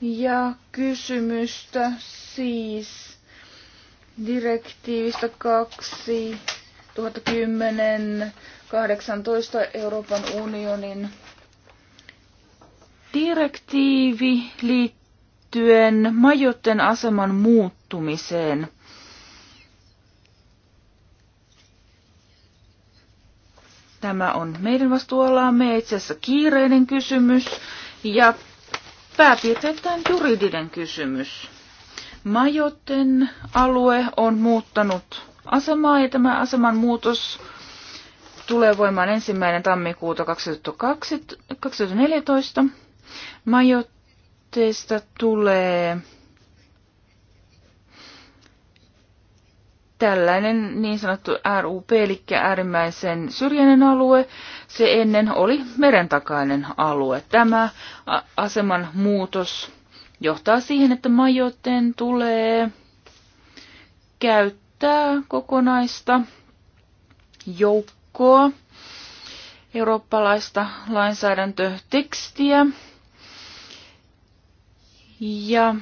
ja kysymystä siis direktiivistä 2010 18 Euroopan unionin direktiivi liittyen majoitten aseman muuttumiseen – Tämä on meidän vastuualaamme itse asiassa kiireinen kysymys ja pääpiirteittäin juridinen kysymys. Majoten alue on muuttanut asemaa ja tämä aseman muutos tulee voimaan ensimmäinen tammikuuta 2014. Majotteesta tulee tällainen niin sanottu RUP, eli äärimmäisen syrjäinen alue, se ennen oli merentakainen alue. Tämä aseman muutos johtaa siihen, että majoitteen tulee käyttää kokonaista joukkoa eurooppalaista lainsäädäntötekstiä. Ja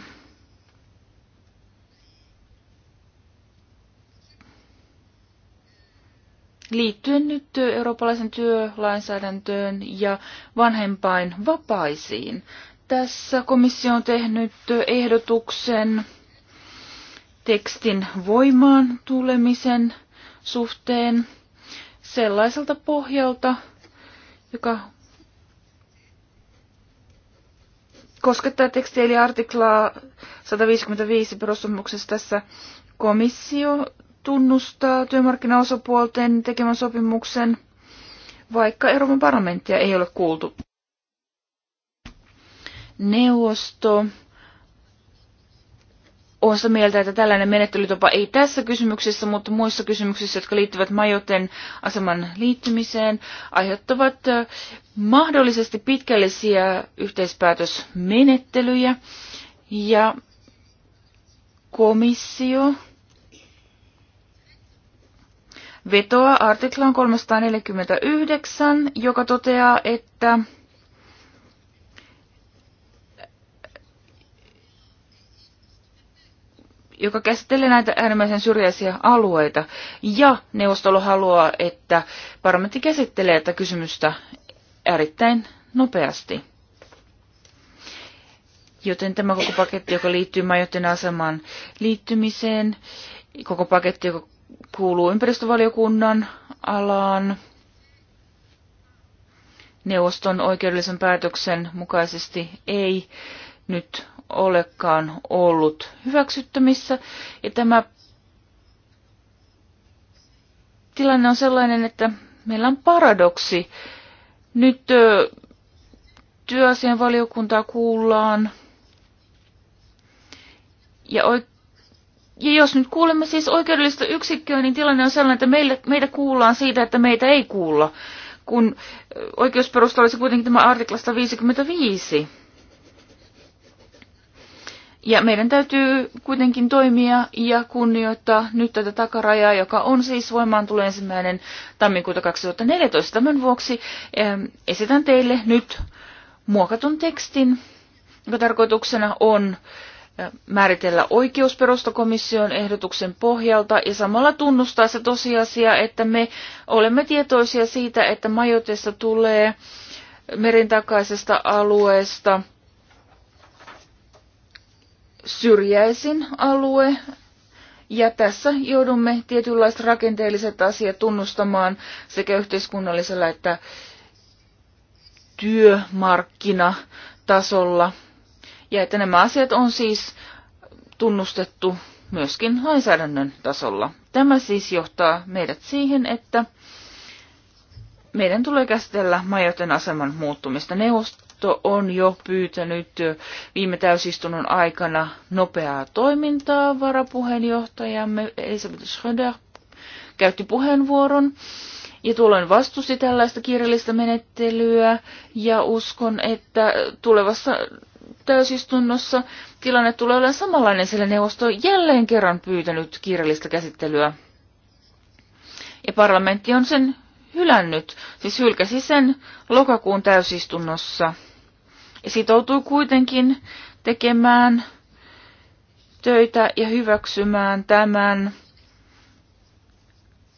liittyen nyt eurooppalaisen työlainsäädäntöön ja vanhempain vapaisiin. Tässä komissio on tehnyt ehdotuksen tekstin voimaan tulemisen suhteen sellaiselta pohjalta, joka koskettaa tekstiä eli artiklaa 155 perussopimuksessa tässä komissio tunnustaa työmarkkinaosapuolten tekemän sopimuksen, vaikka Euroopan parlamenttia ei ole kuultu. Neuvosto on sitä mieltä, että tällainen menettelytapa ei tässä kysymyksessä, mutta muissa kysymyksissä, jotka liittyvät majoten aseman liittymiseen, aiheuttavat mahdollisesti pitkällisiä yhteispäätösmenettelyjä. Ja komissio vetoaa artiklaan 349, joka toteaa, että joka käsittelee näitä äärimmäisen syrjäisiä alueita. Ja neuvostolo haluaa, että parlamentti käsittelee tätä kysymystä erittäin nopeasti. Joten tämä koko paketti, joka liittyy majoitteen asemaan liittymiseen, koko paketti, joka kuuluu ympäristövaliokunnan alaan neuvoston oikeudellisen päätöksen mukaisesti ei nyt olekaan ollut hyväksyttämissä. Ja tämä tilanne on sellainen, että meillä on paradoksi. Nyt työasian valiokuntaa kuullaan ja oikein ja jos nyt kuulemme siis oikeudellista yksikköä, niin tilanne on sellainen, että meille, meitä kuullaan siitä, että meitä ei kuulla, kun oikeusperusta olisi kuitenkin tämä artiklasta 55. Ja meidän täytyy kuitenkin toimia ja kunnioittaa nyt tätä takarajaa, joka on siis voimaan tulee ensimmäinen tammikuuta 2014. Tämän vuoksi esitän teille nyt muokatun tekstin, joka tarkoituksena on äh, määritellä oikeusperustakomission ehdotuksen pohjalta ja samalla tunnustaa se tosiasia, että me olemme tietoisia siitä, että majoitessa tulee merin takaisesta alueesta syrjäisin alue, ja tässä joudumme tietynlaiset rakenteelliset asiat tunnustamaan sekä yhteiskunnallisella että työmarkkinatasolla. tasolla ja että nämä asiat on siis tunnustettu myöskin lainsäädännön tasolla. Tämä siis johtaa meidät siihen, että meidän tulee käsitellä majoiten aseman muuttumista. Neuvosto on jo pyytänyt viime täysistunnon aikana nopeaa toimintaa. Varapuheenjohtajamme Elisabeth Schröder käytti puheenvuoron ja tuolloin vastusti tällaista kirjallista menettelyä ja uskon, että tulevassa täysistunnossa tilanne tulee olemaan samanlainen, sillä neuvosto on jälleen kerran pyytänyt kirjallista käsittelyä. Ja parlamentti on sen hylännyt, siis hylkäsi sen lokakuun täysistunnossa. Ja sitoutui kuitenkin tekemään töitä ja hyväksymään tämän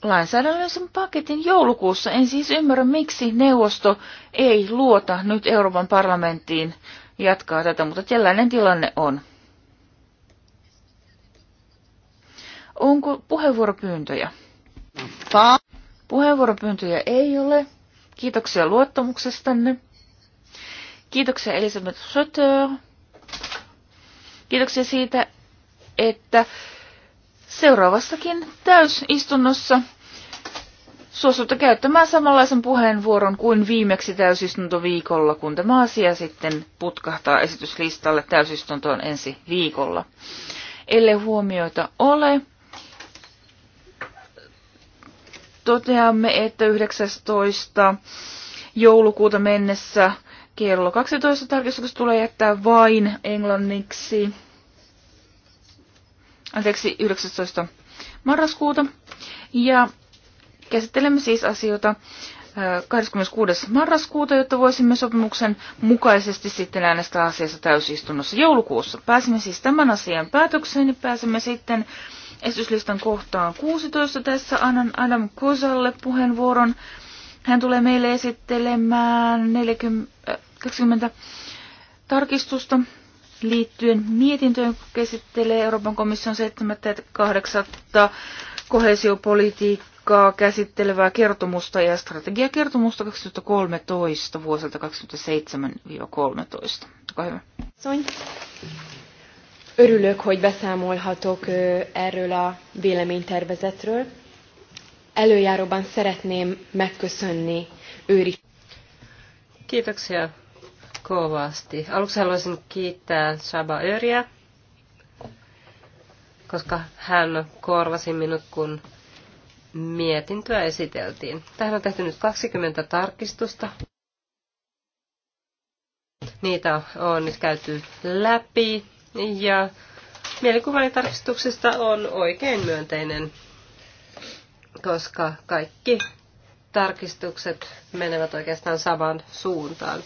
lainsäädännöllisen paketin joulukuussa. En siis ymmärrä, miksi neuvosto ei luota nyt Euroopan parlamenttiin jatkaa tätä, mutta sellainen tilanne on. Onko puheenvuoropyyntöjä? Puheenvuoropyyntöjä ei ole. Kiitoksia luottamuksestanne. Kiitoksia Elisabeth Sötör. Kiitoksia siitä, että seuraavassakin täysistunnossa suostutte käyttämään samanlaisen puheenvuoron kuin viimeksi täysistuntoviikolla, kun tämä asia sitten putkahtaa esityslistalle täysistuntoon ensi viikolla. Ellei huomioita ole, toteamme, että 19. joulukuuta mennessä kello 12 tarkistukset tulee jättää vain englanniksi. Anteeksi, 19. marraskuuta. Ja Käsittelemme siis asioita 26. marraskuuta, jotta voisimme sopimuksen mukaisesti sitten äänestää asiassa täysistunnossa joulukuussa. Pääsimme siis tämän asian päätökseen ja pääsemme sitten esityslistan kohtaan 16. Tässä annan Adam Kosalle puheenvuoron. Hän tulee meille esittelemään 40, äh, 20 tarkistusta liittyen mietintöön, joka käsittelee Euroopan komission 7.8. kohesiopolitiikkaa Afrikkaa käsittelevää kertomusta ja strategiakertomusta 2013 vuosilta 2007 2013 Soin. Örülök, hogy beszámolhatok erről a véleménytervezetről. Előjáróban szeretném megköszönni Őri. Kiitoksia kovasti. Aluksi haluaisin kiittää Saba Öriä, koska hän korvasi minut, kun mietintöä esiteltiin. Tähän on tehty nyt 20 tarkistusta. Niitä on nyt käyty läpi ja mielikuvani tarkistuksista on oikein myönteinen, koska kaikki tarkistukset menevät oikeastaan samaan suuntaan.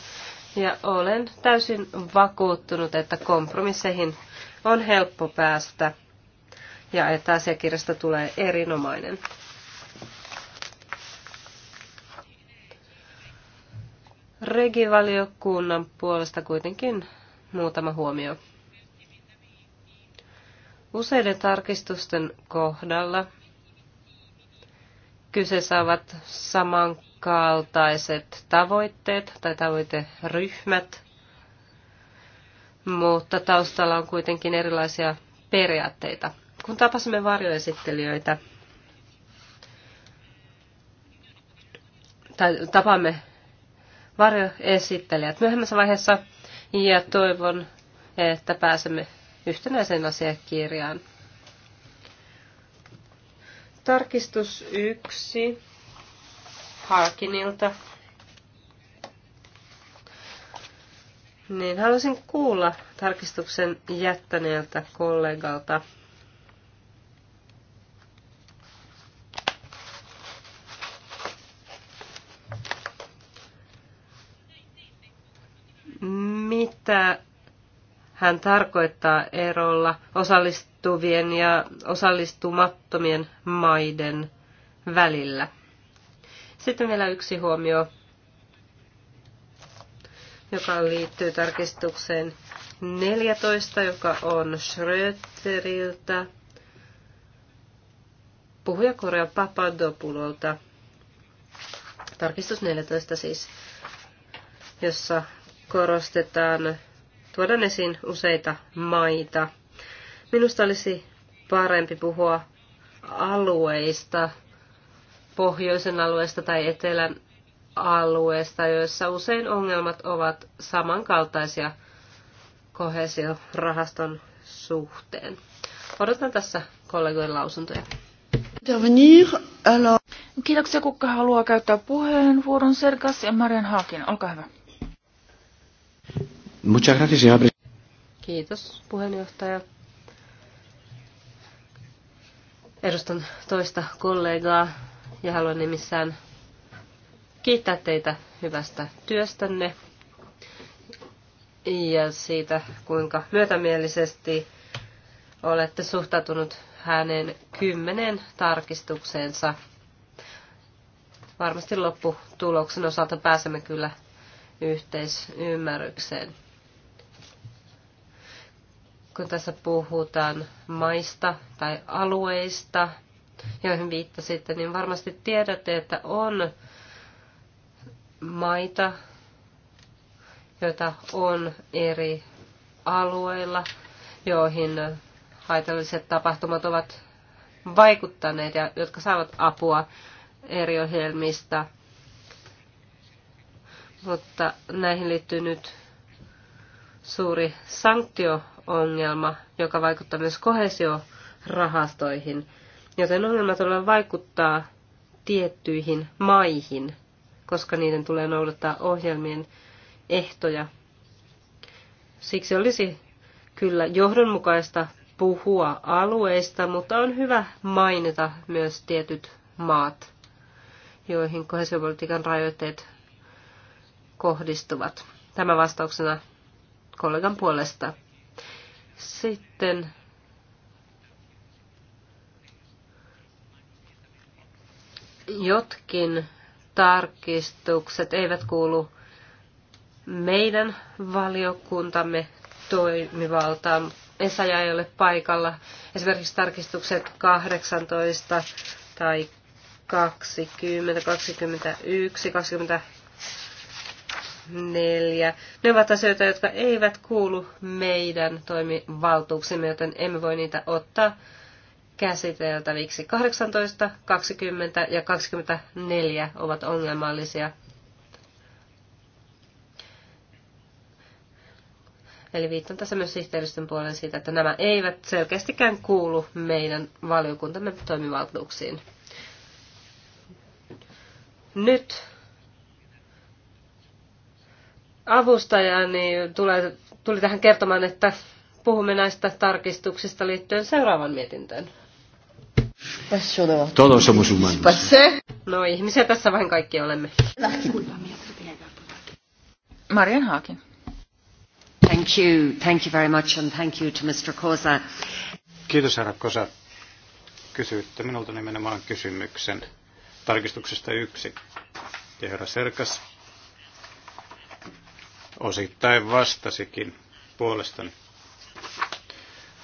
Ja olen täysin vakuuttunut, että kompromisseihin on helppo päästä ja että asiakirjasta tulee erinomainen. Regivaliokunnan puolesta kuitenkin muutama huomio. Useiden tarkistusten kohdalla kyseessä ovat samankaltaiset tavoitteet tai tavoiteryhmät, mutta taustalla on kuitenkin erilaisia periaatteita. Kun tapasimme varjoesittelijöitä, tai tapaamme varjoesittelijät myöhemmässä vaiheessa ja toivon, että pääsemme yhtenäiseen asiakirjaan. Tarkistus yksi Harkinilta. Niin, haluaisin kuulla tarkistuksen jättäneeltä kollegalta mitä hän tarkoittaa erolla osallistuvien ja osallistumattomien maiden välillä. Sitten vielä yksi huomio, joka liittyy tarkistukseen 14, joka on Schröteriltä, puhujakorea Papadopulolta. Tarkistus 14 siis, jossa korostetaan, tuodaan esiin useita maita. Minusta olisi parempi puhua alueista, pohjoisen alueesta tai etelän alueesta, joissa usein ongelmat ovat samankaltaisia kohesiorahaston suhteen. Odotan tässä kollegojen lausuntoja. Kiitoksia, kuka haluaa käyttää puheenvuoron. Sergas ja Marian Haakin, olkaa hyvä. Muchas gracias, señora Kiitos, puheenjohtaja. Edustan toista kollegaa ja haluan nimissään kiittää teitä hyvästä työstänne ja siitä, kuinka myötämielisesti olette suhtautunut hänen kymmenen tarkistukseensa. Varmasti lopputuloksen osalta pääsemme kyllä yhteisymmärrykseen kun tässä puhutaan maista tai alueista, joihin viittasitte, niin varmasti tiedätte, että on maita, joita on eri alueilla, joihin haitalliset tapahtumat ovat vaikuttaneet ja jotka saavat apua eri ohjelmista. Mutta näihin liittyy nyt suuri sanktioongelma, joka vaikuttaa myös kohesiorahastoihin, joten ongelma todella vaikuttaa tiettyihin maihin, koska niiden tulee noudattaa ohjelmien ehtoja. Siksi olisi kyllä johdonmukaista puhua alueista, mutta on hyvä mainita myös tietyt maat, joihin kohesiopolitiikan rajoitteet kohdistuvat. Tämä vastauksena kollegan puolesta. Sitten jotkin tarkistukset eivät kuulu meidän valiokuntamme toimivaltaan. Esaja ei ole paikalla. Esimerkiksi tarkistukset 18 tai 20, 21, 20 neljä. Ne ovat asioita, jotka eivät kuulu meidän toimivaltuuksimme, joten emme voi niitä ottaa käsiteltäviksi. 18, 20 ja 24 ovat ongelmallisia. Eli viittaan tässä myös sihteeristön puolen siitä, että nämä eivät selkeästikään kuulu meidän valiokuntamme toimivaltuuksiin. Nyt avustaja niin tulee, tuli tähän kertomaan, että puhumme näistä tarkistuksista liittyen seuraavan mietintöön. No ihmisiä tässä vain kaikki olemme. Marian Haakin. Thank you, thank you very much and thank you to Mr. Kosa. Kiitos herra Kosa. Kysyitte minulta nimenomaan kysymyksen tarkistuksesta yksi. Ja herra Serkas, osittain vastasikin puolestani.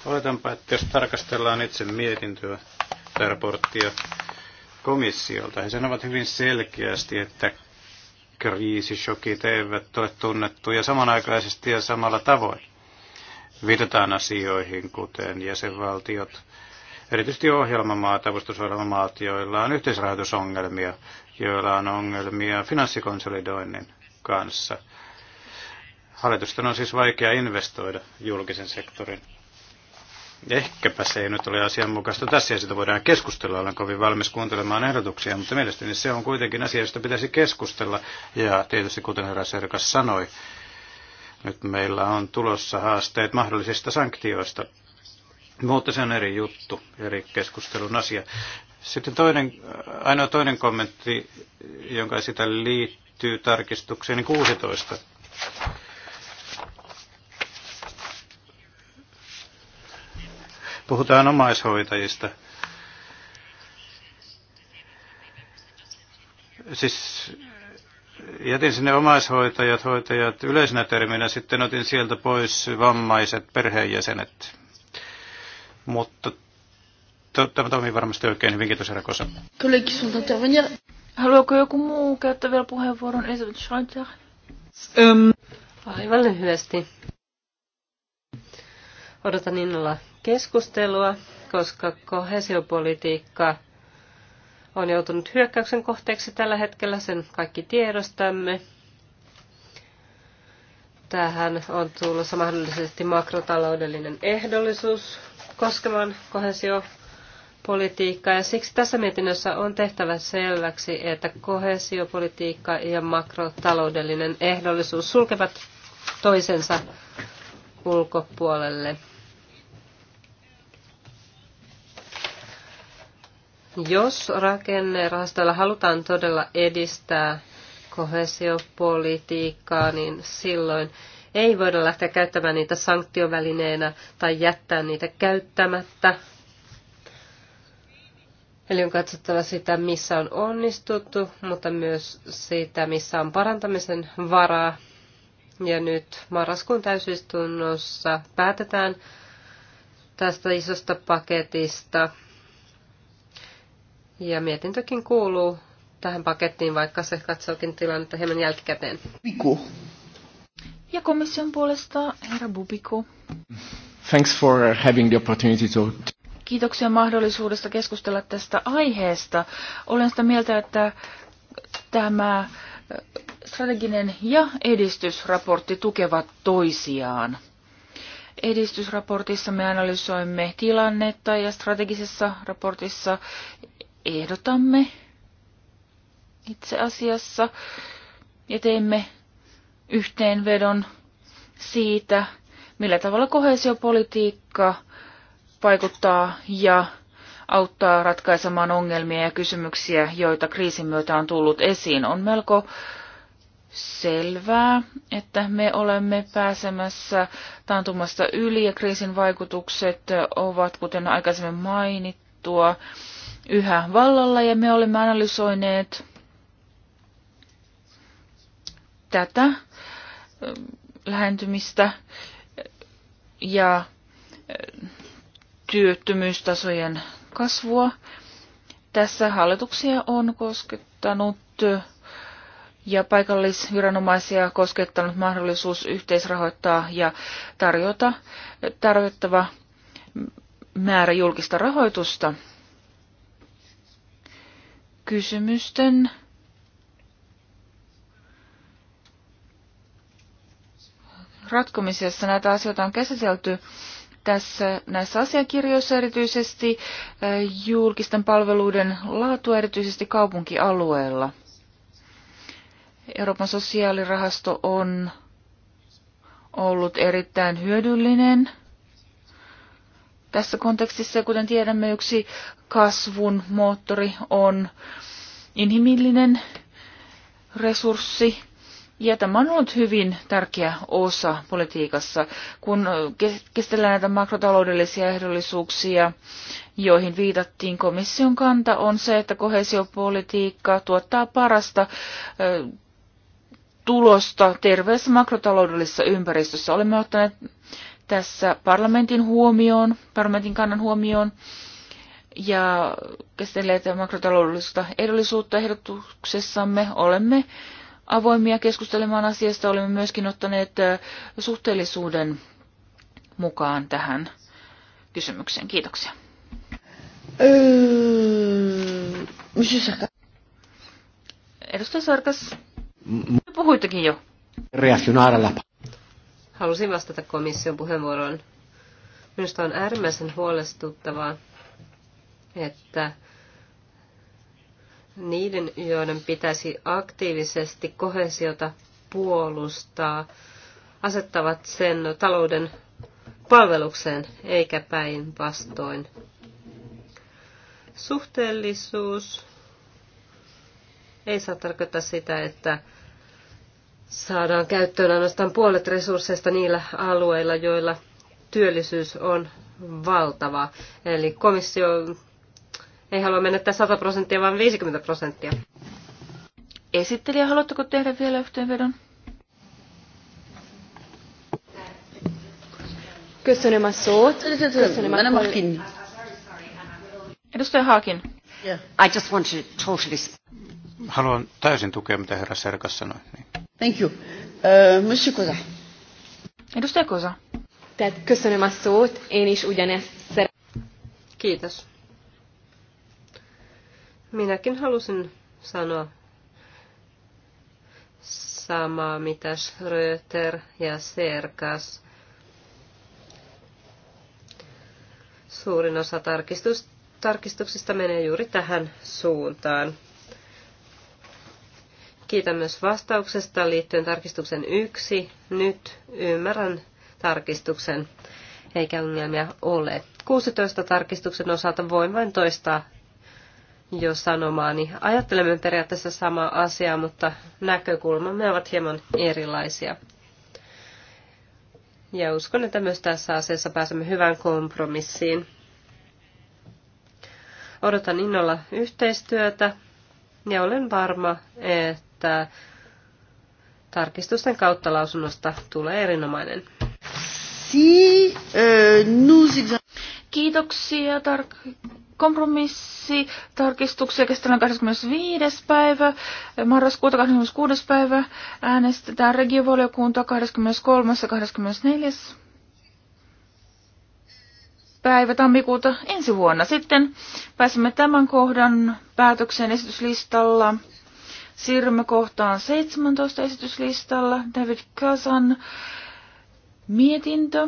Oletanpa, että jos tarkastellaan itse mietintöä tai raporttia komissiolta, he niin sanovat hyvin selkeästi, että kriisishokit eivät ole tunnettuja samanaikaisesti ja samalla tavoin. Viitataan asioihin, kuten jäsenvaltiot, erityisesti ohjelmamaat, avustusohjelmamaat, joilla on yhteisrahoitusongelmia, joilla on ongelmia finanssikonsolidoinnin kanssa – Hallitusten on siis vaikea investoida julkisen sektorin. Ehkäpä se ei nyt ole asianmukaista tässä ja sitä voidaan keskustella. Olen kovin valmis kuuntelemaan ehdotuksia, mutta mielestäni se on kuitenkin asia, josta pitäisi keskustella. Ja tietysti kuten herra Serkas sanoi, nyt meillä on tulossa haasteet mahdollisista sanktioista. Mutta se on eri juttu, eri keskustelun asia. Sitten toinen, ainoa toinen kommentti, jonka sitä liittyy tarkistukseen 16. Niin Puhutaan omaishoitajista. Siis jätin sinne omaishoitajat, hoitajat yleisenä terminä, sitten otin sieltä pois vammaiset perheenjäsenet. Mutta tämä toimii varmasti oikein hyvinkin Kiitos, rakossa. Kosa. Haluaako joku muu käyttää vielä puheenvuoron? Elisabeth Aivan lyhyesti. Odotan innolla keskustelua, koska kohesiopolitiikka on joutunut hyökkäyksen kohteeksi tällä hetkellä, sen kaikki tiedostamme. Tähän on tulossa mahdollisesti makrotaloudellinen ehdollisuus koskemaan kohesiopolitiikkaa, ja siksi tässä mietinnössä on tehtävä selväksi, että kohesiopolitiikka ja makrotaloudellinen ehdollisuus sulkevat toisensa ulkopuolelle. Jos rakennerahastoilla halutaan todella edistää kohesiopolitiikkaa, niin silloin ei voida lähteä käyttämään niitä sanktiovälineenä tai jättää niitä käyttämättä. Eli on katsottava sitä, missä on onnistuttu, mutta myös sitä, missä on parantamisen varaa. Ja nyt marraskuun täysistunnossa päätetään tästä isosta paketista ja mietintökin kuuluu tähän pakettiin, vaikka se katsookin tilannetta hieman jälkikäteen. Viku. Ja komission puolesta herra Bubiku. Thanks for having the opportunity to... Kiitoksia mahdollisuudesta keskustella tästä aiheesta. Olen sitä mieltä, että tämä äh, strateginen ja edistysraportti tukevat toisiaan. Edistysraportissa me analysoimme tilannetta ja strategisessa raportissa ehdotamme itse asiassa ja teimme yhteenvedon siitä, millä tavalla kohesiopolitiikka vaikuttaa ja auttaa ratkaisemaan ongelmia ja kysymyksiä, joita kriisin myötä on tullut esiin. On melko selvää, että me olemme pääsemässä taantumasta yli ja kriisin vaikutukset ovat, kuten aikaisemmin mainittua, yhä vallalla ja me olemme analysoineet tätä lähentymistä ja työttömyystasojen kasvua. Tässä hallituksia on koskettanut ja paikallisviranomaisia koskettanut mahdollisuus yhteisrahoittaa ja tarjota tarvittava määrä julkista rahoitusta kysymysten ratkomisessa näitä asioita on käsitelty tässä näissä asiakirjoissa erityisesti julkisten palveluiden laatua erityisesti kaupunkialueella. Euroopan sosiaalirahasto on ollut erittäin hyödyllinen – tässä kontekstissa. Kuten tiedämme, yksi kasvun moottori on inhimillinen resurssi. Ja tämä on ollut hyvin tärkeä osa politiikassa, kun kestellään näitä makrotaloudellisia ehdollisuuksia, joihin viitattiin. Komission kanta on se, että kohesiopolitiikka tuottaa parasta tulosta terveessä makrotaloudellisessa ympäristössä. Olemme ottaneet tässä parlamentin huomioon, parlamentin kannan huomioon ja käsitelleet makrotaloudellista edullisuutta ehdotuksessamme. Olemme avoimia keskustelemaan asiasta. Olemme myöskin ottaneet suhteellisuuden mukaan tähän kysymykseen. Kiitoksia. Edustaja Sarkas, puhuittekin jo. Reaktionaarella halusin vastata komission puheenvuoroon. Minusta on äärimmäisen huolestuttavaa, että niiden, joiden pitäisi aktiivisesti kohesiota puolustaa, asettavat sen talouden palvelukseen, eikä päinvastoin. Suhteellisuus ei saa tarkoittaa sitä, että saadaan käyttöön ainoastaan puolet resursseista niillä alueilla, joilla työllisyys on valtava. Eli komissio ei halua menettää 100 prosenttia, vaan 50 prosenttia. Esittelijä, haluatteko tehdä vielä yhteenvedon? Köszönöm a szót. Köszönöm a Edustaja Harkin. I just want to totally... Haluan täysin tukea, mitä herra Serkas sanoi. Thank you. Uh, Monsieur Kosa. Edustaja Kosa. Tehát köszönöm a szót, én is ugyanezt szeretném. Kiitos. Minäkin halusin sanoa samaa, mitä Schröter ja Serkas. Suurin osa tarkistus, tarkistuksista menee juuri tähän suuntaan. Kiitän myös vastauksesta liittyen tarkistuksen yksi. Nyt ymmärrän tarkistuksen, eikä ongelmia ole. 16 tarkistuksen osalta voin vain toistaa jo sanomaani. Ajattelemme periaatteessa samaa asiaa, mutta näkökulmamme ovat hieman erilaisia. Ja uskon, että myös tässä asiassa pääsemme hyvään kompromissiin. Odotan innolla yhteistyötä ja olen varma, että että tarkistusten kautta lausunnosta tulee erinomainen. Si, euh, Kiitoksia. Tar- kompromissi. Tarkistuksia kestävän 25. päivä, marraskuuta 26. päivä. Äänestetään regiovaliokunta 23. ja 24. päivä tammikuuta ensi vuonna. Sitten pääsemme tämän kohdan päätökseen esityslistalla. Siirrymme kohtaan 17 esityslistalla. David Kasan mietintö.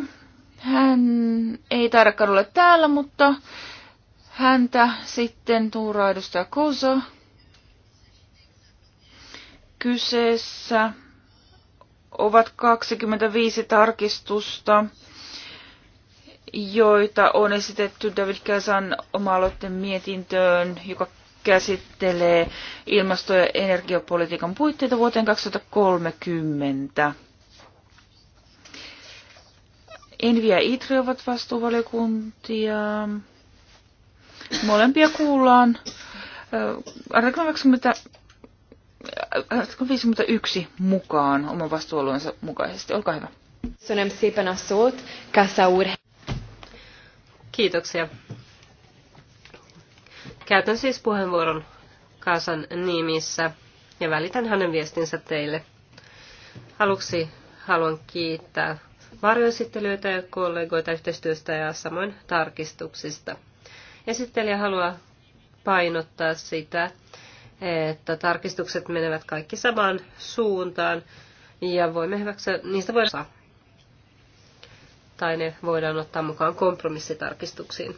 Hän ei tarkkaan ole täällä, mutta häntä sitten tuuraa edustaja Kuso. Kyseessä ovat 25 tarkistusta, joita on esitetty David Kasan oma-aloitteen mietintöön, joka käsittelee ilmasto- ja energiapolitiikan puitteita vuoteen 2030. Envi ja Itri ovat vastuuvaliokuntia. Molempia kuullaan. Artikla 51 mukaan oman vastuualueensa mukaisesti. Olkaa hyvä. Kiitoksia Käytän siis puheenvuoron Kaasan nimissä ja välitän hänen viestinsä teille. Aluksi haluan kiittää varjoesittelyitä ja kollegoita yhteistyöstä ja samoin tarkistuksista. Esittelijä haluaa painottaa sitä, että tarkistukset menevät kaikki samaan suuntaan ja voimme hyväksyä, niistä voidaan tai ne voidaan ottaa mukaan kompromissitarkistuksiin.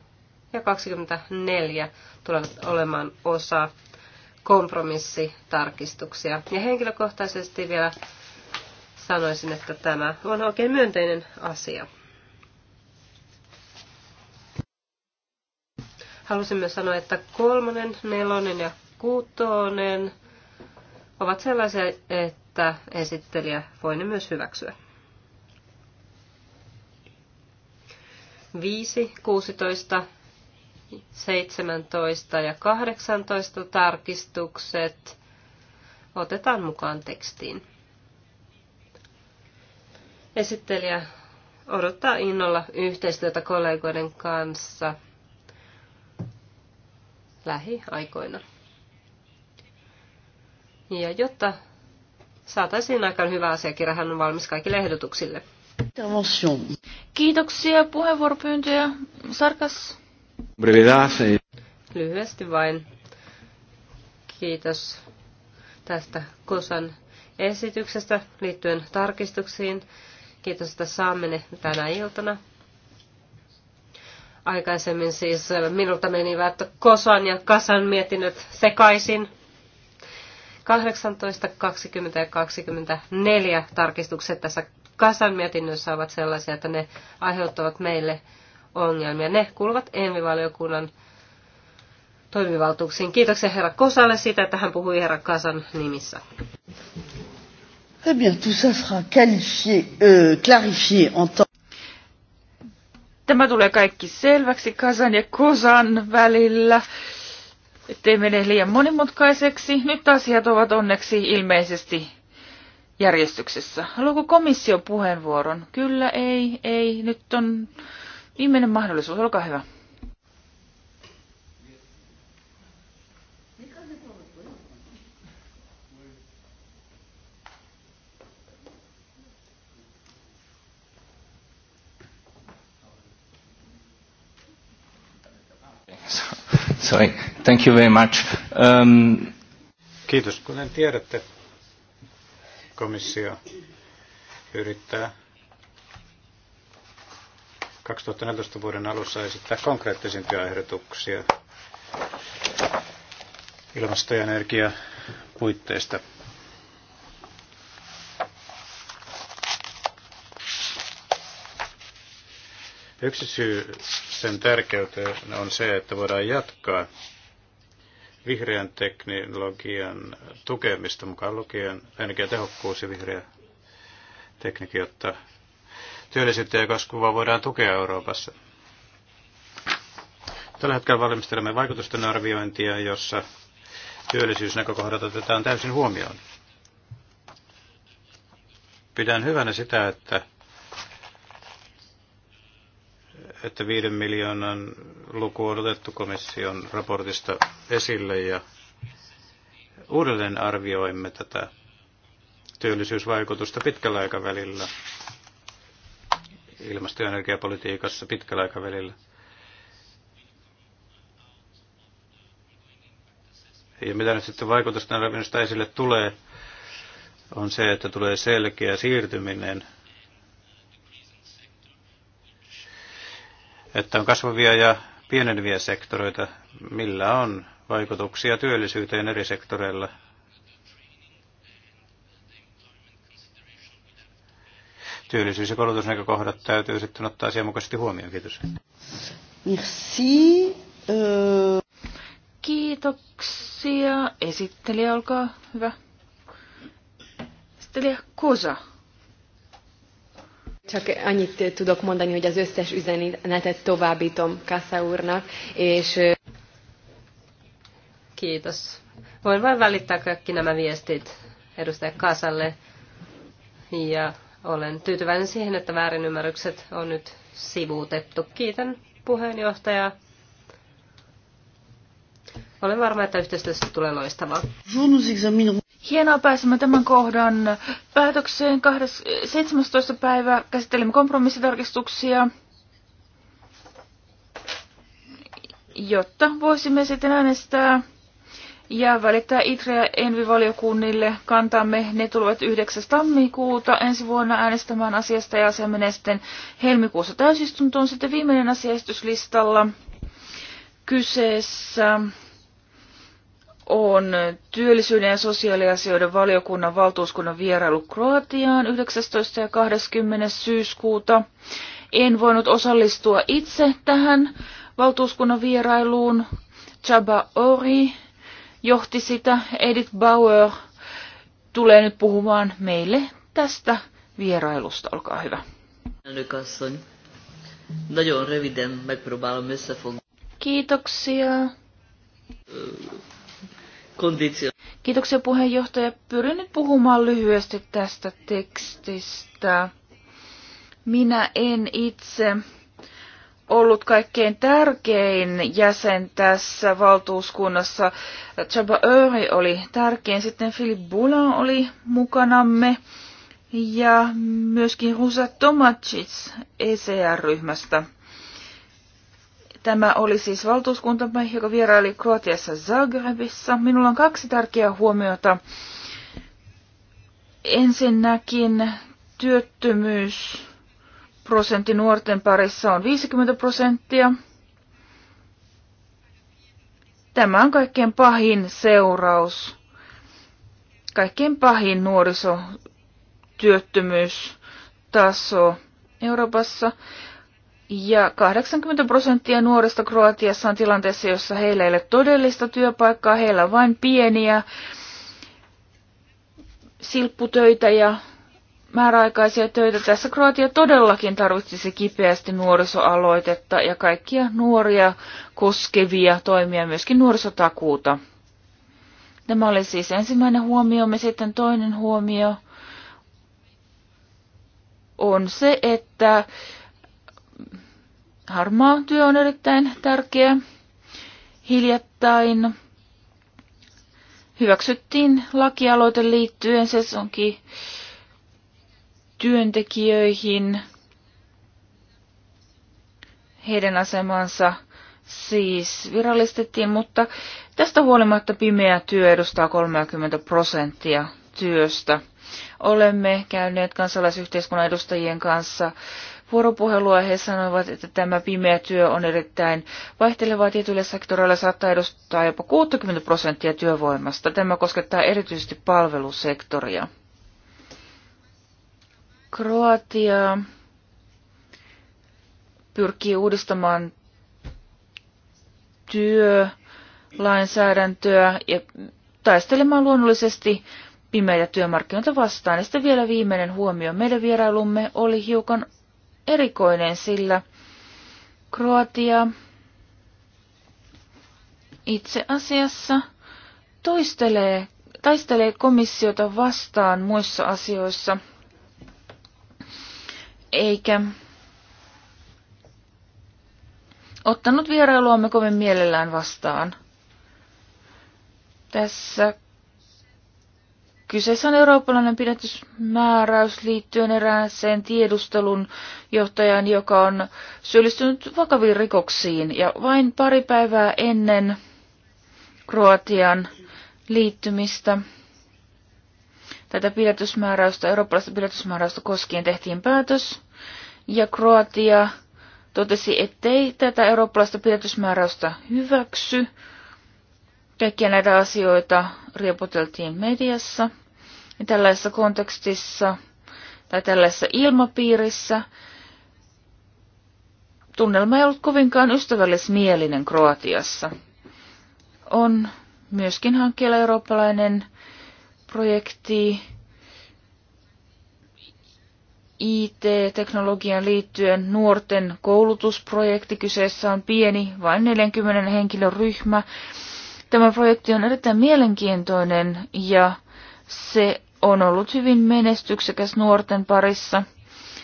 ja 24 tulevat olemaan osa kompromissitarkistuksia. Ja henkilökohtaisesti vielä sanoisin, että tämä on oikein myönteinen asia. Halusin myös sanoa, että kolmonen, nelonen ja kuutonen ovat sellaisia, että esittelijä voi ne myös hyväksyä. 5, 16, 17 ja 18 tarkistukset otetaan mukaan tekstiin. Esittelijä odottaa innolla yhteistyötä kollegoiden kanssa lähiaikoina. Ja jotta saataisiin aika hyvä asiakirja, hän on valmis kaikille ehdotuksille. Kiitoksia puheenvuoropyyntöjä. Sarkas Eh. Lyhyesti vain. Kiitos tästä Kosan esityksestä liittyen tarkistuksiin. Kiitos, että saamme ne tänä iltana. Aikaisemmin siis minulta menivät Kosan ja Kasan mietinnöt sekaisin. 18, 20 ja 24 tarkistukset tässä Kasan mietinnössä ovat sellaisia, että ne aiheuttavat meille ongelmia. Ne kuuluvat ENVI-valiokunnan toimivaltuuksiin. Kiitoksia herra Kosalle siitä, että hän puhui herra Kasan nimissä. Eh bien, tout ça sera qualifié, euh, clarifié en Tämä tulee kaikki selväksi Kasan ja Kosan välillä, ettei mene liian monimutkaiseksi. Nyt asiat ovat onneksi ilmeisesti järjestyksessä. Haluaako komission puheenvuoron? Kyllä, ei, ei. Nyt on Viimeinen mahdollisuus, olkaa hyvä. Sorry. Thank you very much. Um... Kiitos. Kuten tiedätte, komissio yrittää 2014 vuoden alussa esittää konkreettisimpia ehdotuksia ilmasto- ja energiapuitteista. Yksi syy sen tärkeyteen on se, että voidaan jatkaa vihreän teknologian tukemista, mukaan lukien energiatehokkuus ja vihreä tekniikka, jotta työllisyyttä ja kasvua voidaan tukea Euroopassa. Tällä hetkellä valmistelemme vaikutusten arviointia, jossa työllisyysnäkökohdat otetaan täysin huomioon. Pidän hyvänä sitä, että, että viiden miljoonan luku on otettu komission raportista esille ja uudelleen arvioimme tätä työllisyysvaikutusta pitkällä aikavälillä ilmasto- ja energiapolitiikassa pitkällä aikavälillä. Ja mitä nyt sitten vaikutusta minusta esille tulee, on se, että tulee selkeä siirtyminen, että on kasvavia ja pieneneviä sektoreita, millä on vaikutuksia työllisyyteen eri sektoreilla – työllisyys- ja koulutusnäkökohdat täytyy sitten ottaa asianmukaisesti huomioon. Kiitos. Merci. Kiitoksia. Esittelijä, olkaa hyvä. Esittelijä Kosa. Csak annyit tudok mondani, hogy az összes üzenetet továbbítom Kassa úrnak, és... Kiitos. Voin vain välittää kaikki nämä viestit edustaja Kasalle ja olen tyytyväinen siihen, että väärinymmärrykset on nyt sivuutettu. Kiitän puheenjohtajaa. Olen varma, että yhteistyössä tulee loistavaa. Hienoa pääsemme tämän kohdan päätökseen. 17. päivä käsittelemme kompromissitarkistuksia, jotta voisimme sitten äänestää ja välittää ITRE- ja ENVI-valiokunnille kantamme. Ne tulevat 9. tammikuuta ensi vuonna äänestämään asiasta ja se menee sitten helmikuussa täysistuntoon. Sitten viimeinen asiaistuslistalla kyseessä on työllisyyden ja sosiaaliasioiden valiokunnan valtuuskunnan vierailu Kroatiaan 19. ja 20. syyskuuta. En voinut osallistua itse tähän valtuuskunnan vierailuun. Chaba Ori, johti sitä. Edith Bauer tulee nyt puhumaan meille tästä vierailusta. Olkaa hyvä. Kiitoksia. Kiitoksia puheenjohtaja. Pyrin nyt puhumaan lyhyesti tästä tekstistä. Minä en itse ollut kaikkein tärkein jäsen tässä valtuuskunnassa. Chaba Öri oli tärkein, sitten Philippe Boulin oli mukanamme ja myöskin Rusa Tomacic ECR-ryhmästä. Tämä oli siis valtuuskuntamme, joka vieraili Kroatiassa Zagrebissa. Minulla on kaksi tärkeää huomiota. Ensinnäkin työttömyys prosentti nuorten parissa on 50 prosenttia. Tämä on kaikkein pahin seuraus, kaikkein pahin nuorisotyöttömyystaso Euroopassa. Ja 80 prosenttia nuorista Kroatiassa on tilanteessa, jossa heillä ei ole todellista työpaikkaa, heillä on vain pieniä silpputöitä ja määräaikaisia töitä. Tässä Kroatia todellakin tarvitsisi kipeästi nuorisoaloitetta ja kaikkia nuoria koskevia toimia, myöskin nuorisotakuuta. Tämä oli siis ensimmäinen huomio. Me sitten toinen huomio on se, että harmaa työ on erittäin tärkeä. Hiljattain hyväksyttiin lakialoite liittyen sesonkin työntekijöihin, heidän asemansa siis virallistettiin, mutta tästä huolimatta pimeä työ edustaa 30 prosenttia työstä. Olemme käyneet kansalaisyhteiskunnan edustajien kanssa vuoropuhelua. He sanoivat, että tämä pimeä työ on erittäin vaihtelevaa. Tietyillä sektoreilla saattaa edustaa jopa 60 prosenttia työvoimasta. Tämä koskettaa erityisesti palvelusektoria. Kroatia pyrkii uudistamaan työlainsäädäntöä ja taistelemaan luonnollisesti pimeitä työmarkkinoita vastaan. Ja sitten vielä viimeinen huomio. Meidän vierailumme oli hiukan erikoinen, sillä Kroatia itse asiassa toistelee, taistelee komissiota vastaan muissa asioissa – eikä ottanut vierailuamme kovin mielellään vastaan. Tässä kyseessä on eurooppalainen pidätysmääräys liittyen erääseen tiedustelun johtajaan, joka on syyllistynyt vakaviin rikoksiin. Ja vain pari päivää ennen Kroatian liittymistä tätä pidätysmääräystä, eurooppalaista pidätysmääräystä koskien tehtiin päätös, ja Kroatia totesi, ettei tätä eurooppalaista pidätysmääräystä hyväksy. Kaikkia näitä asioita riepoteltiin mediassa. Ja tällaisessa kontekstissa tai tällaisessa ilmapiirissä tunnelma ei ollut kovinkaan ystävällismielinen Kroatiassa. On myöskin hankkeella eurooppalainen projekti IT-teknologian liittyen nuorten koulutusprojekti. Kyseessä on pieni, vain 40 henkilön ryhmä. Tämä projekti on erittäin mielenkiintoinen ja se on ollut hyvin menestyksekäs nuorten parissa.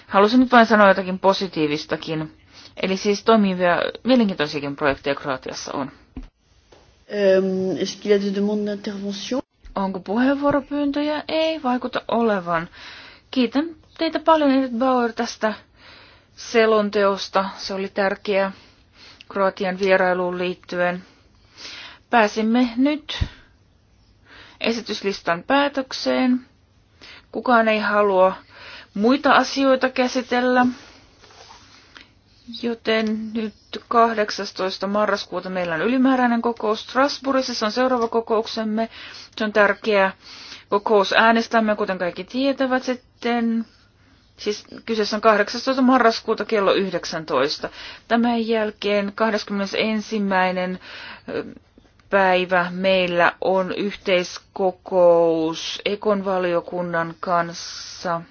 Halusin nyt vain sanoa jotakin positiivistakin. Eli siis toimivia, mielenkiintoisiakin projekteja Kroatiassa on. Um, Est-ce qu'il y a des demandes d'intervention Onko puheenvuoropyyntöjä? Ei vaikuta olevan. Kiitän teitä paljon, Edith Bauer, tästä selonteosta. Se oli tärkeä Kroatian vierailuun liittyen. Pääsimme nyt esityslistan päätökseen. Kukaan ei halua muita asioita käsitellä. Joten nyt 18. marraskuuta meillä on ylimääräinen kokous Strasbourgissa. Se on seuraava kokouksemme. Se on tärkeä kokous. Äänestämme, kuten kaikki tietävät sitten. Siis kyseessä on 18. marraskuuta kello 19. Tämän jälkeen 21. päivä meillä on yhteiskokous Ekon valiokunnan kanssa –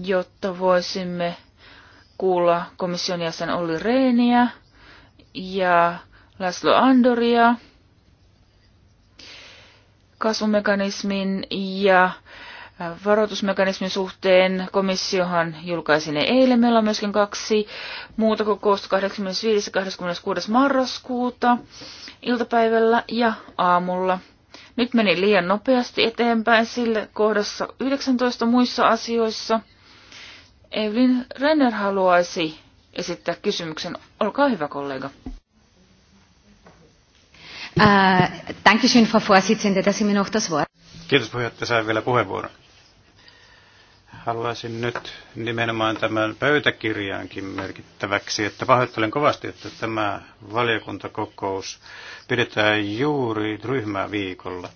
jotta voisimme kuulla komission jäsen Olli Reiniä ja Laszlo Andoria kasvumekanismin ja varoitusmekanismin suhteen. Komissiohan julkaisi ne eilen. Meillä on myöskin kaksi muuta kokousta 85. ja 26. marraskuuta iltapäivällä ja aamulla. Nyt meni liian nopeasti eteenpäin sille kohdassa 19 muissa asioissa – Evelyn Renner haluaisi esittää kysymyksen. Olkaa hyvä kollega. Äh, Kiitos puheenjohtaja, sain vielä puheenvuoron. Haluaisin nyt nimenomaan tämän pöytäkirjaankin merkittäväksi, että pahoittelen kovasti, että tämä valiokuntakokous pidetään juuri ryhmäviikolla.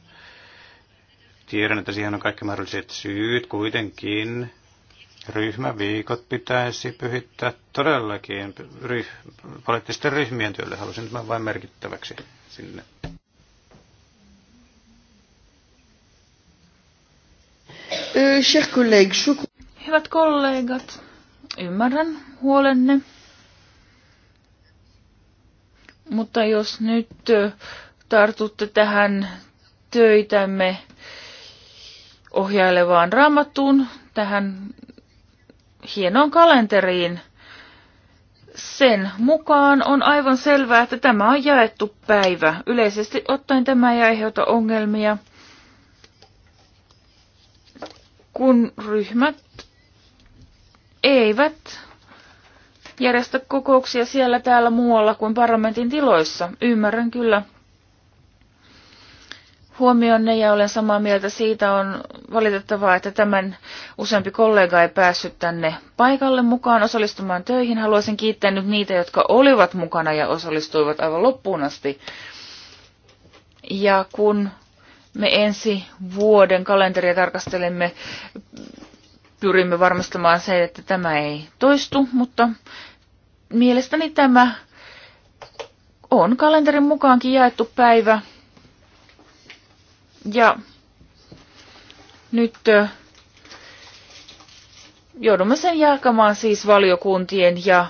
Tiedän, että siihen on kaikki mahdolliset syyt kuitenkin, Ryhmäviikot pitäisi pyhittää todellakin ryh, poliittisten ryhmien työlle. Halusin tämän vain merkittäväksi sinne. Hyvät kollegat, ymmärrän huolenne. Mutta jos nyt tartutte tähän töitämme ohjailevaan raamattuun, tähän hienoon kalenteriin. Sen mukaan on aivan selvää, että tämä on jaettu päivä. Yleisesti ottaen tämä ei aiheuta ongelmia, kun ryhmät eivät järjestä kokouksia siellä täällä muualla kuin parlamentin tiloissa. Ymmärrän kyllä huomionne ja olen samaa mieltä siitä. On valitettavaa, että tämän useampi kollega ei päässyt tänne paikalle mukaan osallistumaan töihin. Haluaisin kiittää nyt niitä, jotka olivat mukana ja osallistuivat aivan loppuun asti. Ja kun me ensi vuoden kalenteria tarkastelemme, pyrimme varmistamaan se, että tämä ei toistu, mutta mielestäni tämä on kalenterin mukaankin jaettu päivä ja nyt joudumme sen jakamaan siis valiokuntien ja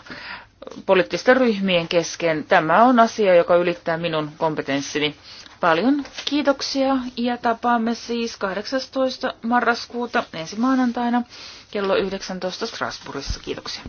poliittisten ryhmien kesken. Tämä on asia, joka ylittää minun kompetenssini. Paljon kiitoksia ja tapaamme siis 18. marraskuuta ensi maanantaina kello 19 Strasbourgissa. Kiitoksia.